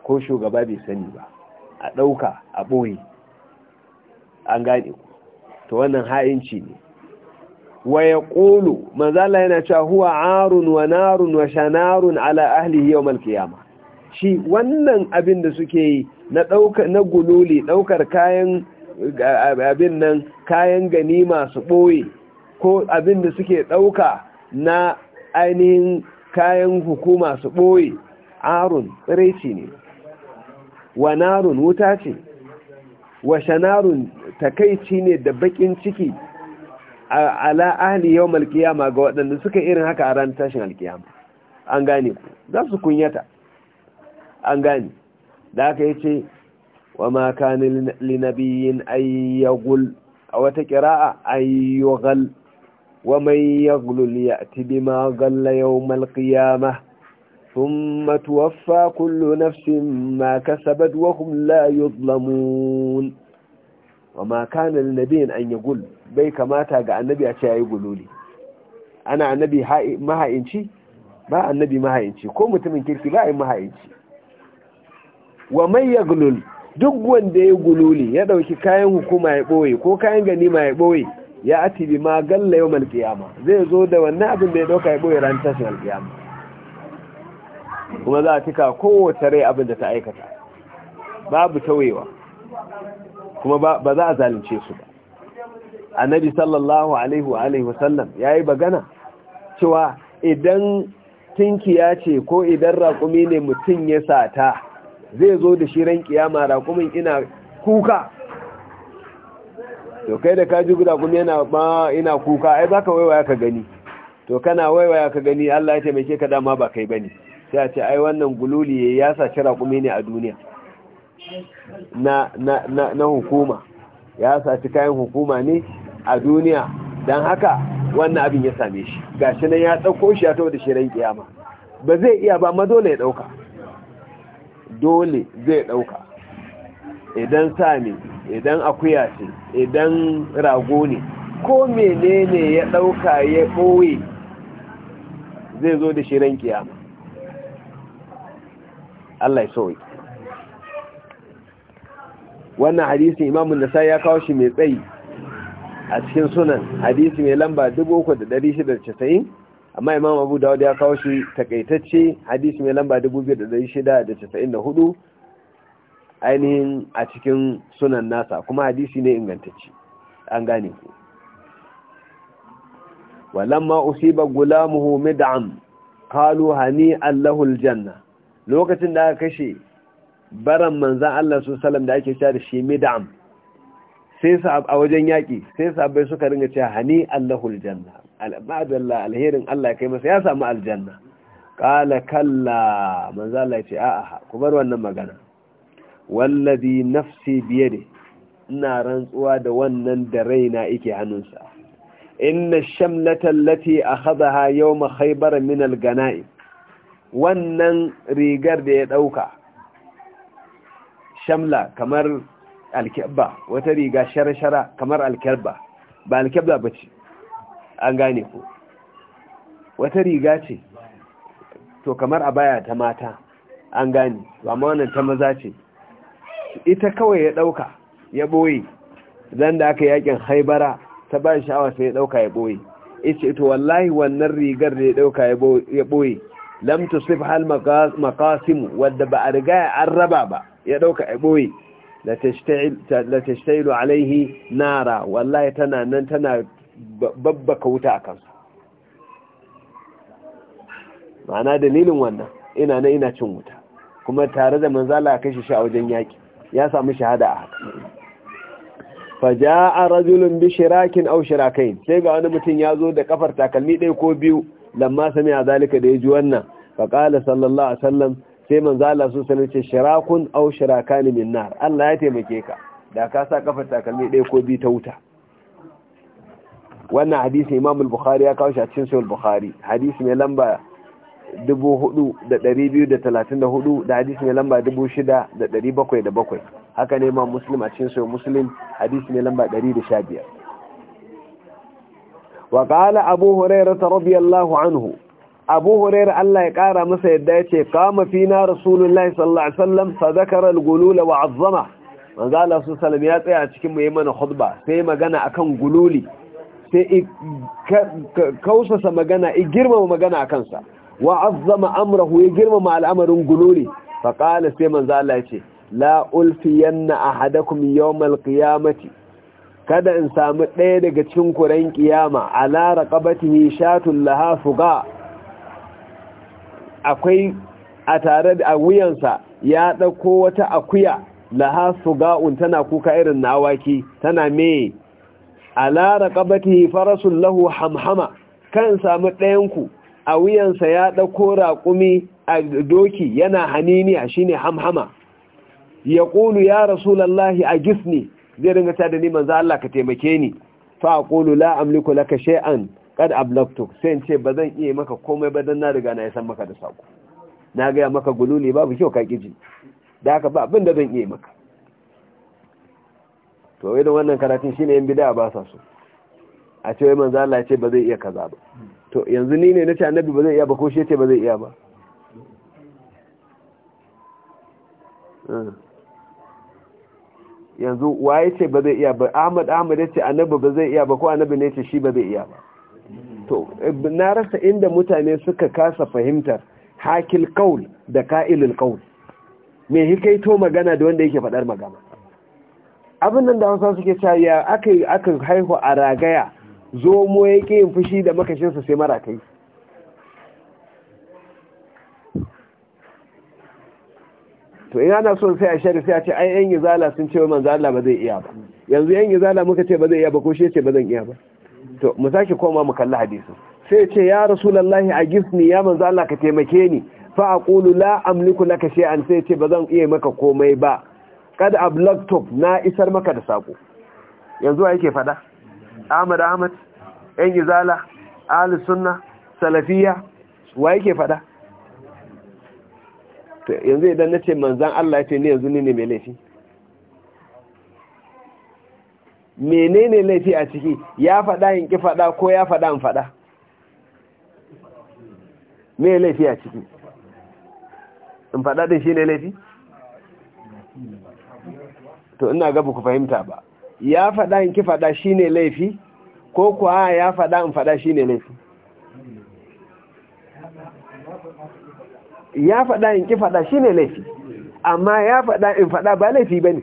Speaker 1: ko shugaba bai sani ba a ɗauka a ɓoye an gane ku Ta wannan ha'inci ne wa ya ƙolo manzala yana cewa huwa arun wa narun wa shanarun ala ahli yau malkiyama shi wannan abin da suke yi na gululi ɗaukar kayan abin nan kayan gani masu ɓoye ko abin da suke ɗauka na ainihin kayan hukuma su ɓoye arun tsiraici ne wa narun wuta ce wa shanarun takaici ne da bakin ciki ala ahli yau malkiyama ga waɗanda suka irin haka a ran tashin alkiyama an gane ku za su kunyata an gane da aka yi ce wa ma kana li nabiyyin ay yaghul aw ta qira'a ay yughal wa man yaghlul ya'ti bima ghalla yawm al-qiyamah ثم توفى كل نفس ما كسبت وهم لا يظلمون bai kamata ga annabi a ce ya yi ana annabi maha'inci ko mutumin kirki ba a yi maha'inci wa duk wanda ya gululi ya ɗauki kayan hukuma ya ɓoye ko kayan gani ma ya ɓoye ya ati bi magalla yau mal zai zo da wannan abin da ya ɗauka ya ɓoye ran tashin alƙiyama kuma za a cika kowace rai abin da ta aikata babu tawewa kuma ba za a zalunce su ba annabi sallallahu alaihi wa alaihi wasallam ya yi bagana cewa idan tinkiya ce ko idan raƙumi ne mutum ya sata zai zo da shirin ran kiyama ina kuka to kai da ka ji guda kuma yana ba ina kuka ai baka waiwaya ka gani to kana waiwaya ka gani Allah ya taimake ka dama ba kai bane sai a ce ai wannan gululi ya saci raƙumi ne a duniya na na na, hukuma ya saci kayan hukuma ne a duniya dan haka wannan abin ya same shi gashi nan ya dauko shi ya tawo da shi kiyama ba zai iya ba ma dole ya dauka dole zai ɗauka idan sami idan akuya ce idan rago ne ko menene ya ɗauka ya ɓoye zai zo da shirin kiyama Allah ya sauyi wannan hadisin imamun nasa ya kawo shi mai tsayi a cikin sunan hadisi mai lamba 3690 amma imam abu dawud ya kawo shi takaitacce hadisi mai lamba 2694 ainihin a cikin sunan nasa kuma hadisi ne ingantacce an gane ku walamma usiba gulamuhu mid'am qalu hani allahu aljanna lokacin da aka kashe baran manzan Allah su salam da ake cewa da shi mid'am sai a wajen yaki sai bai suka ringa cewa hani allahu aljanna madalla alherin Allah ya kai masa ya samu aljanna ƙala kalla Manza Allah ya ce a'a ku bar wannan magana wallazi nafsi biyade ina rantsuwa da wannan da raina ike hannunsa inna a allati akhadha yawm khaybar min al ganai wannan rigar da ya dauka shamla kamar alkebba wata riga sharashara kamar alkebba ba alkebba bace an gane ku wata riga ce to kamar a baya ta mata an gane amma wannan ta maza ce ita kawai ya ɗauka ya ɓoye zan da aka yakin haibara ta ba sha'awa sai ya ɗauka ya ɓoye ita ita wallahi wannan rigar da ya ɗauka ya ɓoye lam tusif hal maqasim wadda ba a riga an raba ba ya ɗauka ya ɓoye la tashtailu alaihi nara wallahi tana nan tana babbaka wuta a kansu ma'ana dalilin wannan ina na ina cin wuta kuma tare da manzala a kashe shi a wajen yaƙi ya samu shahada a haka faja a rajulun bi shirakin au shirakai sai ga wani mutum ya zo da kafar takalmi ɗaya ko biyu lamma sami a zalika da ya ji wannan faƙala sallallahu a sallam sai manzala su sanar ce shirakun au shirakani min nar Allah ya taimake ka da ka sa kafar takalmi ɗaya ko biyu ta wuta wannan hadisi imam al-bukhari ya kawo shi a cikin sahih al-bukhari hadisi mai lamba 4234 da hadisi mai lamba 6777 haka ne imam muslim a cikin sahih muslim hadisi mai lamba 115 wa qala abu hurairah radiyallahu anhu abu hurairah Allah ya kara masa yadda yace kama fina rasulullahi sallallahu alaihi wasallam fa dhakara al-gulul wa 'azzama manzo sallallahu alaihi wasallam ya tsaya cikin mu yayin mana khutba sai magana akan gululi sai kausasa magana i girmama magana a kansa wa azzama amrahu ya girmama al'amarin gulori fa qala sai manzo Allah ya ce la yanna ahadakum yawm alqiyamati kada in samu ɗaya daga cikin kuran kiyama ala raqabatihi shatun laha fuga akwai a tare da wuyansa ya dauko wata akuya laha fuga tana kuka irin nawaki tana me ala raqabatihi farasun lahu hamhama kan samu ɗayanku a wuyansa ya ɗauko raƙumi a doki yana haniniya shine hamhama ya ya rasulallahi a gisni zai ringa ta da ni manzo Allah ka taimake ni fa aqulu la amliku laka shay'an kad ablaqtuk sai ce bazan iya maka komai ba dan na riga na san maka da sako na ga maka gululi babu kyau ka kiji da haka ba abin da zan iya maka to irin wannan karatun shine yan bid'a ba sa so a ce wai manzo Allah ya ce ba zai iya kaza ba to yanzu ni ne na ce annabi ba zai iya ba ko shi ya ce ba zai iya ba hmm. yanzu waye ce ba zai iya ba Ahmad Ahmad ya ce annabi ba zai iya ba ko annabi ne ya ce shi ba zai iya ba to na rasa inda mutane suka kasa fahimtar hakil qaul da qa'ilul qaul me hikaito magana da wanda yake faɗar magana abin nan da hausa suke cewa ya aka aka haihu a ragaya zo mu yake yin fushi da makashinsa sai mara kai to ina na so sai a shari sai a ce ai yan izala sun ce manzo Allah ba zai iya ba yanzu yan izala muka ce ba zai iya ba ko shi ce ba zan iya ba to mu sake koma mu kalli hadisi sai ce ya rasulullahi agisni ya manzo Allah ka taimake ni fa aqulu la amliku laka shay'an sai ce ba zan iya maka komai ba Kada a ablagtub na isar maka da sako yanzu yake fada Ahmad Ahmad ɗan izala ahli sunna salafiya wa yake fada yanzu idan na ce manzan Allah ya ce ne yanzu nini ne mai laifi menene laifi a ciki ya fada yin ki fada ko ya fada in fada me laifi a ciki in fada din shi ne laifi to ina ga ku fahimta ba ya faɗa in ki faɗa shine laifi ko kuwa ya faɗa in faɗa shine laifi ya faɗa in ki faɗa shine laifi amma ya faɗa in faɗa ba laifi bane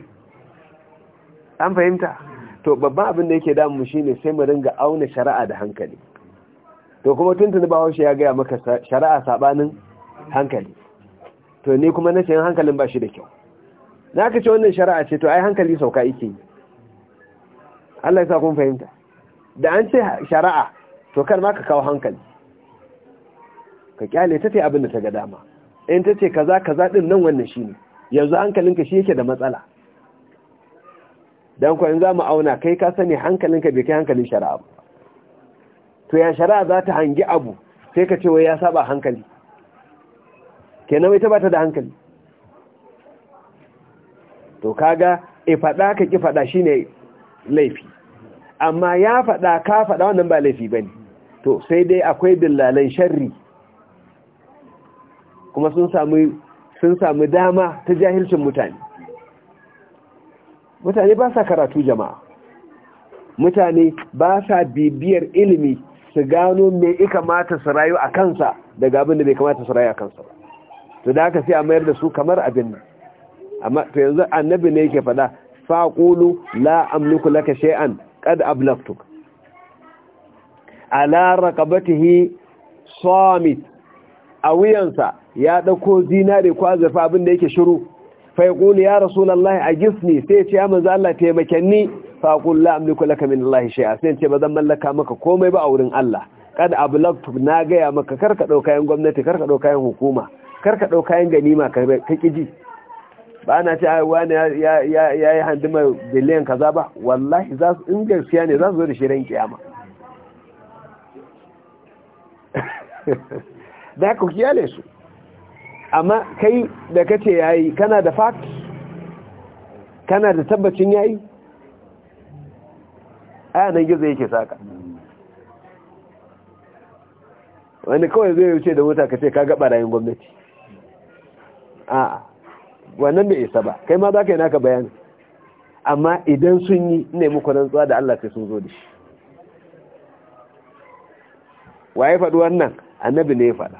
Speaker 1: an fahimta to babban abin da yake damu shine sai mu ringa auna shari'a da hankali to kuma tuntun ba haushe ya gaya maka shari'a sabanin hankali to ni kuma na sayan hankalin ba shi da kyau za ka ce wannan shari'a ce to ai hankali sauka yake yi Allah ya sa kun fahimta da an ce shari'a to kar ma ka kawo hankali ka kyale ta ce abin da ta ga dama in ta ce kaza kaza din nan wannan shine yanzu hankalinka shi yake da matsala dan kuwa in za mu auna kai ka sani hankalinka bai kai hankalin shari'a ba to ya shari'a za ta hangi abu sai ka ce wai ya saba hankali kenan ita ta bata da hankali to kaga e faɗa ka ki faɗa shine laifi amma ya faɗa ka faɗa wannan ba laifi bane to sai dai akwai dillalan sharri kuma sun samu sun samu dama ta jahilcin mutane mutane ba sa karatu jama'a mutane ba sa bibiyar ilimi su gano me ya kamata su rayu a kansa daga abin da bai kamata su rayu a kansa to da haka sai a mayar da su kamar abin nan amma to yanzu annabi ne yake faɗa faqulu la amliku laka shay'an qad ablaqtuk ala raqabatihi samit a wuyansa ya dauko zinare ko azafa abin da yake shiru fa yaqulu ya rasulullahi ajisni sai ya ce ya manzo Allah taimake ni faqul la amliku laka min Allah shay'a sai ce bazan mallaka maka komai ba a wurin Allah kad ablaqtu na gaya maka karka dauka yan gwamnati karka dauka yan hukuma karka dauka yan ganima ka kiji ba na ce ai wani ya yi handima biliyan kaza ba wallahi za su in gaskiya ne za su zo da shirin kiyama da ku kiyale su amma kai da kace yayi kana da fact kana da tabbacin yayi a nan gizo yake saka wani kawai zai wuce da wuta ce ka ga barayin gwamnati a'a wannan bai isa ba kai ma za ka yi naka bayanin amma idan sun yi ne muku rantsuwa da Allah sai sun zo da shi waye faɗi wannan annabi ne ya faɗa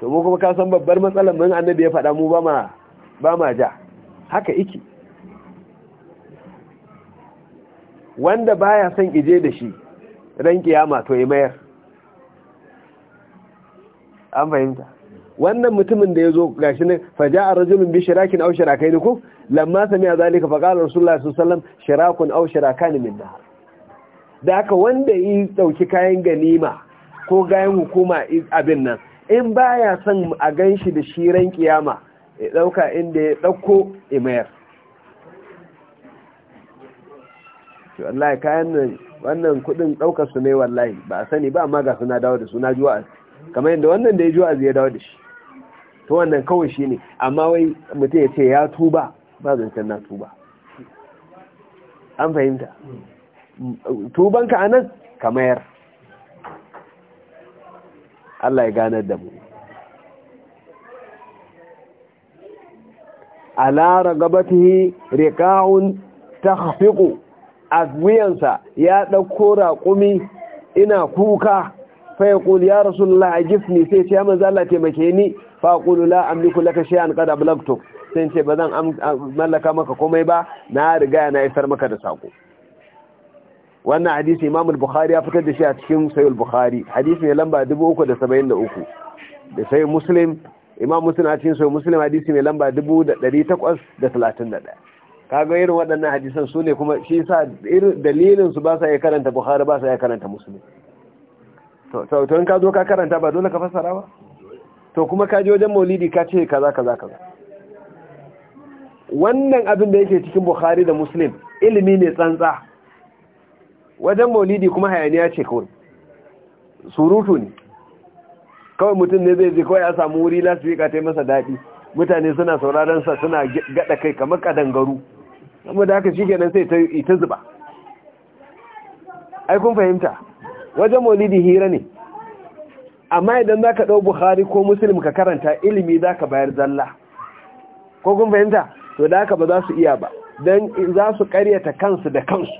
Speaker 1: to mu kuma ka babbar matsalar mun annabi ya faɗa mu ba ma ba ma ja haka iki wanda baya son ije da shi ran kiyama to ya mayar an fahimta wannan mutumin da ya zo gashi ne faja a rajulun bi shirakin au shirakai ku lamma sami a zalika fa qala rasulullahi sallallahu shirakun au shirakan min nar da haka wanda yi dauki kayan ganima ko gayan hukuma abin nan in baya son a ganshi da shiran kiyama ya dauka inda ya dauko imayar to wallahi kayan nan wannan kudin daukar su ne wallahi ba a sani ba amma ga suna dawo da suna juwa kamar yadda wannan da ya juwa ya dawo da shi to wannan kawai shi ne amma wai mutum ya ce ya tuba ba zancen na tuba an fahimta tubanka a nan ka mayar Allah ya ganar da mu ala ragabatihi riqa'un tahfiqu azwiyansa ya dauko raƙumi ina kuka fa kuli ya rasulullah ajifni sai ce ya manzo Allah taimake ni fa aqulu la amliku laka shay'an qad ablagtuk sai ce bazan mallaka maka komai ba na riga na isar maka da sako wannan hadisi Imam al-Bukhari ya fitar da shi a cikin Sahih al-Bukhari hadisi mai lamba 373 da Sahih Muslim Imam Muslim a cikin Sahih Muslim hadisi mai lamba 1831 kaga irin waɗannan hadisan su ne kuma shi sa dalilin su ba sa iya karanta Bukhari ba sa yi karanta Musulmi. to in ka zo ka karanta ba dole ka fassara ba to kuma ka je wajen maulidi ka ce kaza kaza kaza wannan abin da yake cikin bukhari da muslim ilimi ne tsantsa wajen maulidi kuma hayaniya ce kawai surutu ne kawai mutum ne zai je kawai ya samu wuri lasifika ta yi masa daɗi mutane suna sauraron sa suna gada kai kamar kadangaru amma da haka shi kenan sai ta zuba ai kun fahimta wajen maulidi hira ne amma idan za ka ɗau buhari ko musulmi ka karanta ilimi za ka bayar zalla ko kun fahimta to da haka ba za su iya ba don za su karyata kansu da kansu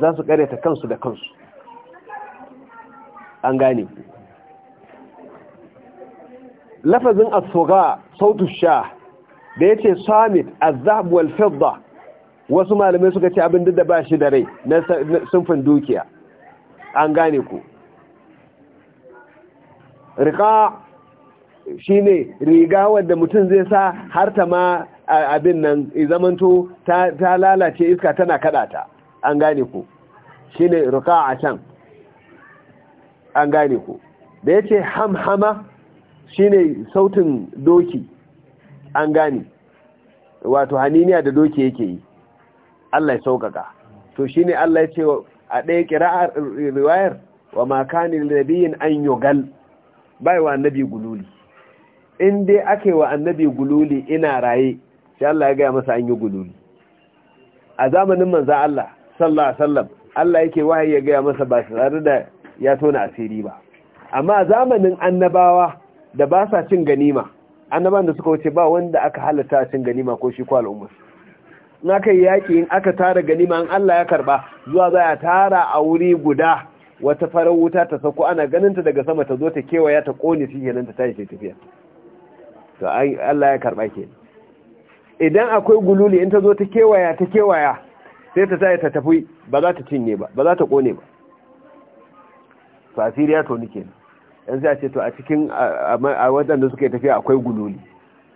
Speaker 1: za su karyata kansu da kansu an gane lafazin asoga sautu sha da ya ce samit azab wal fadda wasu malamai suka ce abin da ba shi da rai na sunfin dukiya an gane ku rika shi ne riga wadda mutum zai sa har ta ma abin nan zamanto ta lalace iska tana kadata an gane ku shi ne rika a can an gane ku da ya ce hamhama shi ne sautin doki an gane wato haniniya da doki yake yi Allah ya sauƙaƙa to shine Allah ya ce a ɗaya kira'ar riwayar wa makanin nabiyin an yugal bai wa annabi gululi in dai ake wa annabi gululi ina raye sai Allah ya gaya masa an yi gululi a zamanin manzan Allah sallallahu alaihi Allah yake wahayi ya gaya masa ba tare da ya tona asiri ba amma a zamanin annabawa da ba sa cin ganima annaban da suka wuce ba wanda aka halatta cin ganima ko shi ko al'ummar in aka yi yaƙi in aka tara ganima in Allah ya karba zuwa za a tara a wuri guda wata farar wuta ta sauko ana ganinta daga sama ta zo ta kewaya ta ƙone shi kenan ta tashi tafiya to Allah ya karba ke idan akwai gululi in ta zo ta kewaya ta kewaya sai ta tashi ta tafi ba za ta cinye ba ba za ta ƙone ba to asiriya to nike kenan yanzu a ce to a cikin a wadanda suka yi tafiya akwai gululi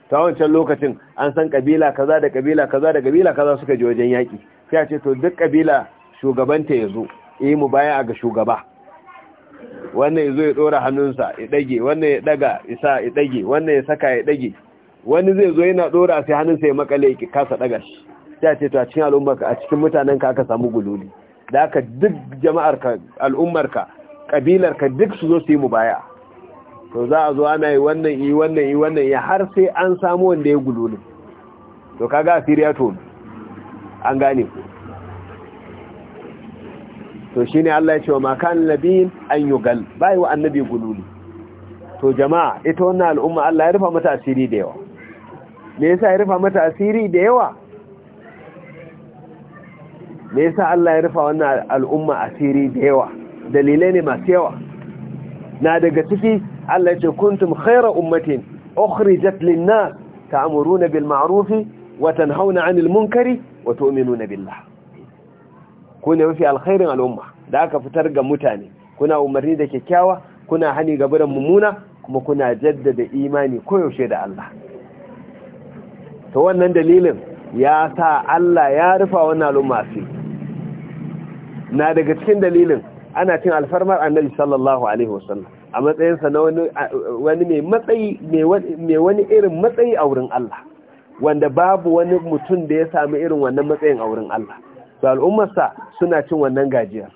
Speaker 1: ta wancan lokacin an san kabila kaza da kabila kaza da kabila kaza suka ji wajen yaki sai a ce to duk kabila shugabanta ya zo yi eh, mu baya ga shugaba wannan ya zo ya dora hannunsa ya dage wannan ya daga isa ya dage wannan ya saka ya dage wani zai zo yana dora sai hannunsa ya makale ya kasa daga shi sai a ce to a cikin al'ummarka a cikin mutanen ka aka samu gululi da aka duk jama'arka al'ummarka ka duk su zo su yi mu baya to za a zo ana yi wannan yi wannan yi wannan ya har sai an samu wanda ya ne to kaga asiri ya tobi an gane ku to shi ne Allah ya ce wa makan labin an gal bayi wa annabi ne to jama'a ita wannan al'umma Allah ya rufa mata asiri da yawa me yasa ya rufa mata asiri da yawa me yasa Allah ya rufa wannan al'umma asiri da yawa dalilai ne masu yawa na daga ciki Allah ya ce kuntum khayra ummatin ukhrijat lin ta'muruna bil ma'ruf wa tanhauna 'anil munkari wa tu'minuna billah kuna mafi alkhairin al'umma da aka fitar ga mutane kuna umarni da kyakkyawa kuna hani ga da mummuna kuma kuna jaddada imani koyaushe da Allah to wannan dalilin ya sa Allah ya rufa wannan al'umma na daga cikin dalilin ana cin alfarmar annabi sallallahu alaihi wasallam a matsayinsa na wani matsayi mai wani irin matsayi a wurin Allah wanda babu wani mutum da ya samu irin wannan matsayin a wurin Allah to al'ummarsa suna cin wannan gajiyar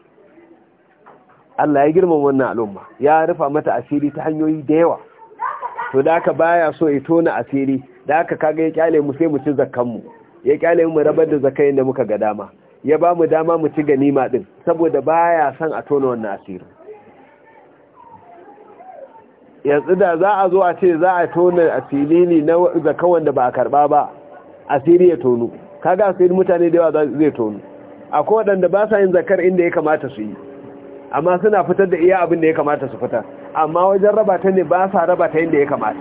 Speaker 1: Allah ya girmama wannan al'umma ya rufa mata asiri ta hanyoyi da yawa to da aka baya so ya tona asiri da aka kaga ya kyale mu sai mu ci zakkan mu ya kyale mu rabar da zakai da muka ga dama ya ba mu dama mu ci ganima din saboda baya san a tona wannan asiri yanzu da za a zo a ce za a tona asiri ne na zaka wanda ba a karba ba asiri ya tono kaga asiri mutane da yawa zai tono akwai waɗanda ba sa yin zakar inda ya kamata su yi amma suna fitar da iya abin da ya kamata su fitar amma wajen raba ta ne ba sa raba ta inda ya kamata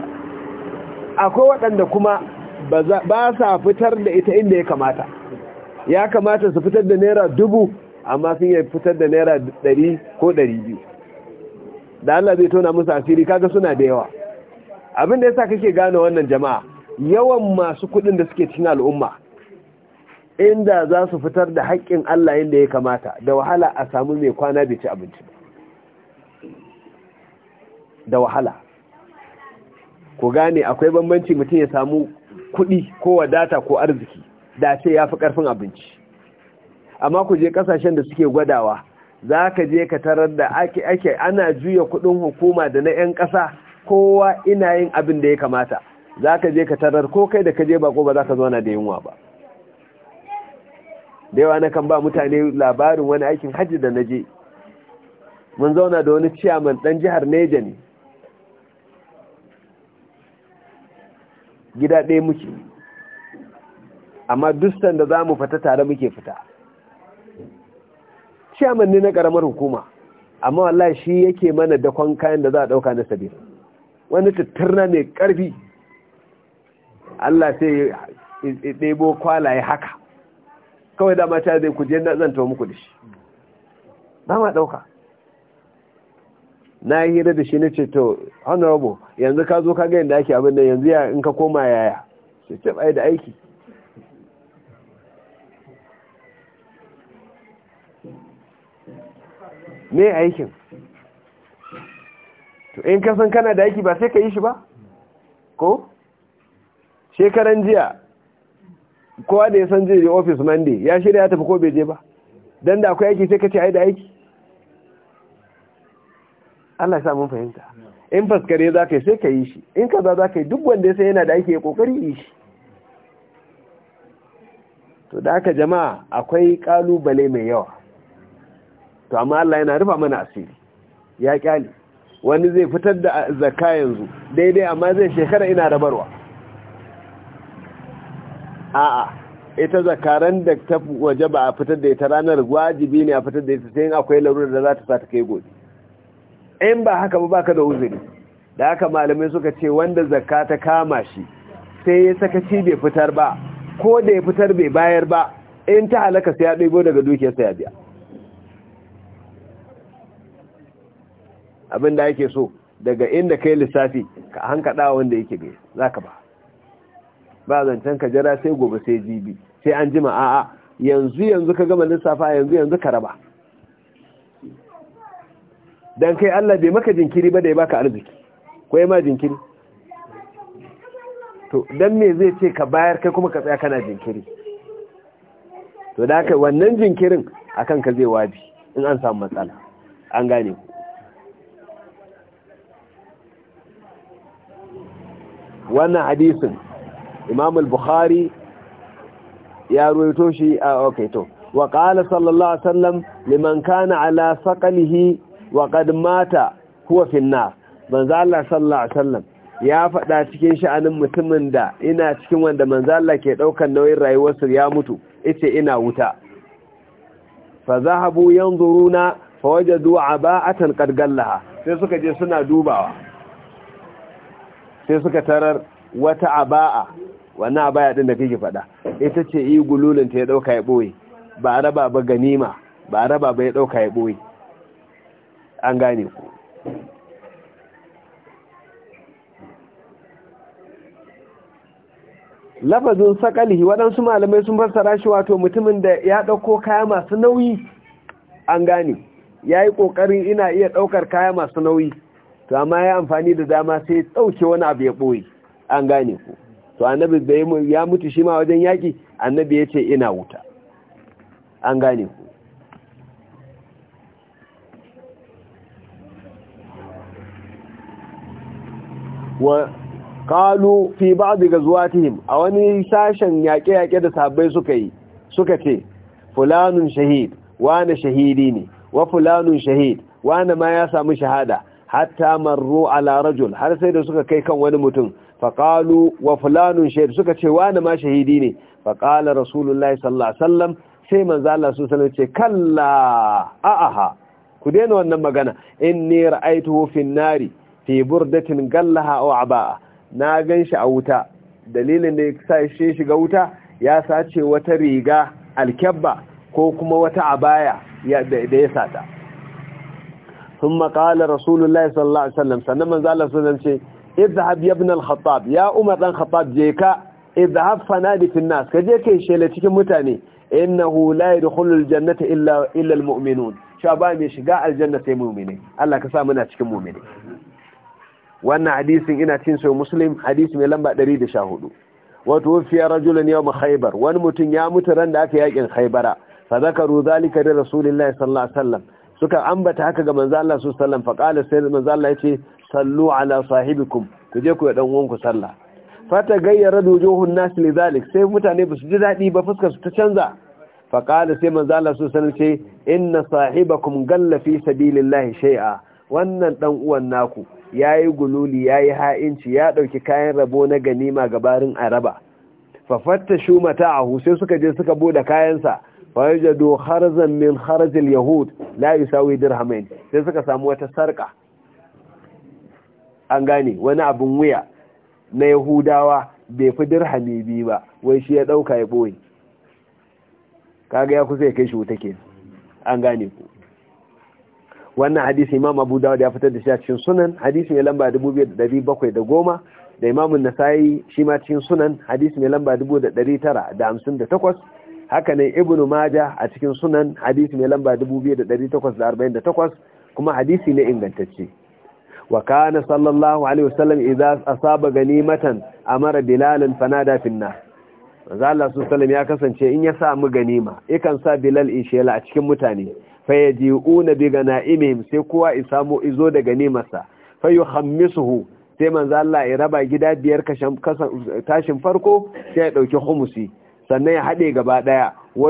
Speaker 1: akwai waɗanda kuma ba sa fitar da ita inda ya kamata ya kamata su fitar da naira dubu amma sun yi fitar da naira ɗari ko ɗari biyu da Allah zai tona musu asiri kaga suna da yawa Abinda ya sa kake gane wannan jama'a yawan masu kuɗin da suke cikin al'umma inda za su fitar da haƙƙin Allah yadda ya kamata da wahala a samu mai kwana bai ci abinci da wahala ku gane akwai bambanci mutum ya samu kuɗi ko wadata ko arziki da ce ya fi ƙarfin abinci amma ku je ƙasashen da suke gwadawa za ka je ka tarar da ake ake ana juya kuɗin hukuma da na 'yan ƙasa kowa ina yin abin da ya kamata za ka je ka tarar ko kai da ka je bako ba za ka zauna da yunwa ba da yawa na kan ba mutane labarin wani aikin hajji da na je mun zauna da wani ciyaman ɗan jihar neja ne gida ɗaya muke amma dustan da za mu fita tare muke fita shaman ne na ƙaramar hukuma amma wallahi shi yake mana dakon kayan da za a ɗauka na sabi wani tattarna mai ƙarfi Allah sai ya ɗebo ya haka kawai dama ta zai kuje na zanta muku da shi ba ma ɗauka na yi hira da shi na ce to honorable yanzu ka zo ka ga yadda ake abin da yanzu ya in ka koma yaya ce ce da aiki me aikin to in ka san kana da aiki ba sai ka yi shi ba ko shekaran jiya kowa da ya san zai da office monday ya shirya ya tafi ko bai je ba dan da akwai aiki sai ka ce ai da aiki Allah ya sa mun fahimta in faskare za ka yi sai ka yi shi in kaza za ka yi duk wanda ya san yana da aiki ya kokari yi shi to da aka jama'a akwai kalubale mai yawa to amma Allah yana rufa mana asiri ya kyale wani zai fitar da zakka yanzu daidai amma zai shekara ina rabarwa a'a ita zakaran da ta waje ba a fitar da ita ranar wajibi ne a fitar da ita sai akwai larurar da za ta sata kai gobe in ba haka ba baka da uzuri da haka malamai suka ce wanda zaka ta kama shi sai ya sakaci bai fitar ba ko da ya fitar bai bayar ba in ta halaka sai ya ɗigo daga dukiyarsa ya biya abin da ake so daga inda kai lissafi ka hankada wanda yake bai za ka ba ba zancen ka jira sai gobe sai jibi sai an jima a'a yanzu yanzu ka gama lissafa yanzu yanzu ka raba dan kai Allah bai maka jinkiri ba da ya baka arziki ko ya ma jinkiri to dan me zai ce ka bayar kai kuma ka tsaya kana jinkiri to da haka wannan jinkirin akan ka zai wabi in an samu matsala an gane ku wannan hadisin imam al-bukhari ya ruwaito shi a ah, ok to wa qala sallallahu alaihi wasallam liman kana ala saqalihi wa qad mata huwa fi an-nar sallallahu alaihi wasallam ya faɗa cikin sha'anin mutumin da ina cikin wanda Manzala ke ɗaukar nauyin rayuwarsu ya mutu ita ina wuta fa zahabu yanzuruna fawajadu aba'atan qad gallaha sai suka je suna dubawa sai suka tarar wata aba'a wannan abaya din da kike faɗa ita ce yi gululun ta ya ɗauka ya ɓoye ba raba ba ganima ba raba ba ya ɗauka ya ɓoye an gane ku lafazin sakalihi waɗansu malamai sun fassara shi wato mutumin da ya ɗauko kaya masu nauyi an gane ya yi ƙoƙarin ina iya ɗaukar kaya masu nauyi to amma ya amfani da dama sai tsauke wani abu ya ɓoye an gane ku to annabi ya mutu shi ma wajen yaƙi annabi ya ce ina wuta an gane ku wa kalu fi zuwa gazwatihim a wani sashen yaƙe-yaƙe da sabai suka yi suka ce fulanun shahid wani shahidi ne wa fulanun shahid wani ma ya samu shahada hatta marru ala rajul har sai da suka kai kan wani mutum faqalu wa fulanun shahid suka ce wani ma shahidi ne faqala rasulullahi sallallahu alaihi wasallam sai manzo Allah su sallallahu ce kalla aha ku daina wannan magana inni ra'aytuhu fin nari fi burdatin gallaha aw aba'a na ganshi a wuta dalilin da ya shi shiga wuta ya sace wata riga alkabba ko kuma wata abaya da ya sata sun makala rasulullah sallallahu Alaihi wasallam sannan manzo Allah sun zance izhab yabna al ya umar dan khattab je ka izhab fanadi fi nas ka je kai shele cikin mutane innahu la yadkhulu al-jannata illa illa al-mu'minun shiga aljanna sai mu'mini Allah ka sa muna cikin mu'mini wannan hadisin ina cin sai muslim hadisi mai lamba ɗari 114 wato wufiya rajulun yawm khaybar wani mutum ya mutu ran da aka yakin khaybara fa zakaru zalika da rasulullahi sallallahu alaihi wasallam suka ambata haka ga manzo Allah su sallan fa qala sai manzo Allah yace sallu ala sahibikum ku je ku ya dan uwanku sallah fata gayyara wujuhun nas zalik sai mutane ba su ji dadi ba fuskar su ta canza fa sai manzo Allah su ce inna sahibakum galla fi sabilillahi shay'a wannan dan uwan naku yayi gululi yayi ha'inci ya dauki kayan rabo na ganima gabarin araba fa fattashu mata'ahu sai suka je suka bude kayansa fayajado harzan min harzil yahud la yusawi dirhamain sai suka samu wata sarka an gane wani abin wuya na yahudawa bai fi dirhami bi ba wai shi ya dauka ya boye kaga ya kusa ya kai shi wuta ke an gane ku wannan hadisi imam abu dawud ya fitar da shi a cikin sunan hadisi mai lamba 2710 da imamun nasayi shi ma cikin sunan hadisi mai lamba 2958 haka ne ibnu maja a cikin sunan hadisi mai lamba 2848 kuma hadisi ne ingantacce wa kana sallallahu alaihi wasallam idza asaba ganimatan amara bilalan fanada finna manzo Allah sallallahu ya kasance in ya samu ganima yakan sa bilal ishela a cikin mutane fayaji'una bi ganaimihim sai kowa isamu izo da ganimarsa fayuhammisuhu sai manzo Allah ya raba gida biyar kashin tashin farko sai ya dauki humusi sannan ya haɗe gaba ɗaya wa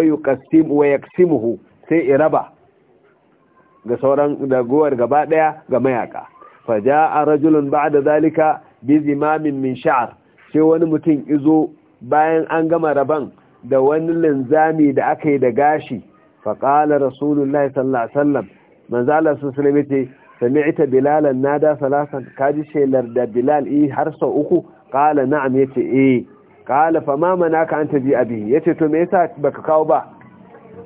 Speaker 1: sai iraba ga sauran dagowar gaba ɗaya ga mayaka fa a rajulun ba da zalika bizimamin mamin min sha'ar sai wani mutum izo bayan an gama raban da wani linzami da aka yi da gashi faƙala rasulullah sallallahu alaihi wasallam manzo Allah sallallahu alaihi bilalan nada salasan kaji shelar da bilal i eh, har sau uku ƙala na'am yace eh kala fa ma ka anta taji abi yace to me yasa baka kawo ba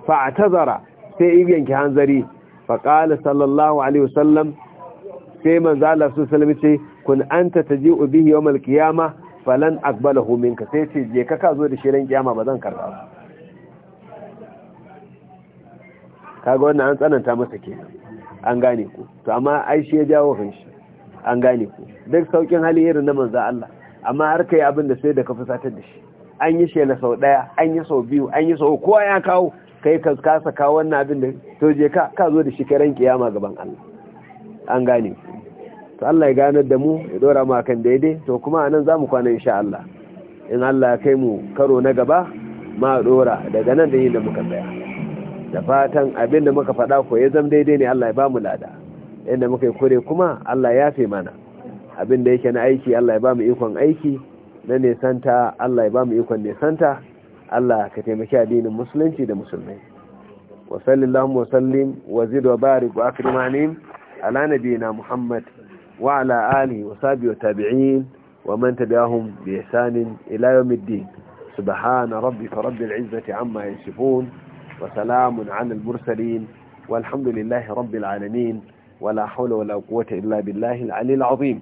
Speaker 1: fa atazara sai yanki hanzari fa kala sallallahu alaihi wasallam sai manzo Allah su sallame ce kun anta taji'u bihi yawm alqiyama falan aqbalahu minka sai ce je ka ka zo da shirin kiyama ba zan karba ba kaga wannan an tsananta masa ke an gane ku to amma ai shi ya jawo kanshi an gane ku duk saukin hali irin na manzo Allah amma har kai abin da sai da ka fusatar da shi an yi shela sau ɗaya an yi sau biyu an yi sau kowa ya kawo kai ka kasa kawo wannan abin da to je ka ka zo da shi karen kiyama gaban Allah an gane to Allah ya ganar da mu ya dora mu akan daidai to kuma a anan zamu kwana insha Allah in Allah ya kai mu karo na gaba ma dora daga nan da yin da muka tsaya da fatan abin da muka faɗa ko ya zama daidai ne Allah ya ba mu lada inda muka yi kure kuma Allah ya fi mana abin da yake na aiki Allah ya ba mu ikon aiki na nesanta Allah ya ba mu ikon nesanta Allah ka taimaki addinin musulunci da musulmai wa sallallahu wa sallim wa zid wa barik wa akrim ala nabiyina muhammad wa ala alihi wa sahbihi wa tabi'in wa man tabi'ahum bi ihsan ila yawmiddin subhana rabbika rabbil izzati amma yasifun wa salamun ala mursalin والحمد لله رب العالمين ولا حول ولا قوة إلا بالله العلي العظيم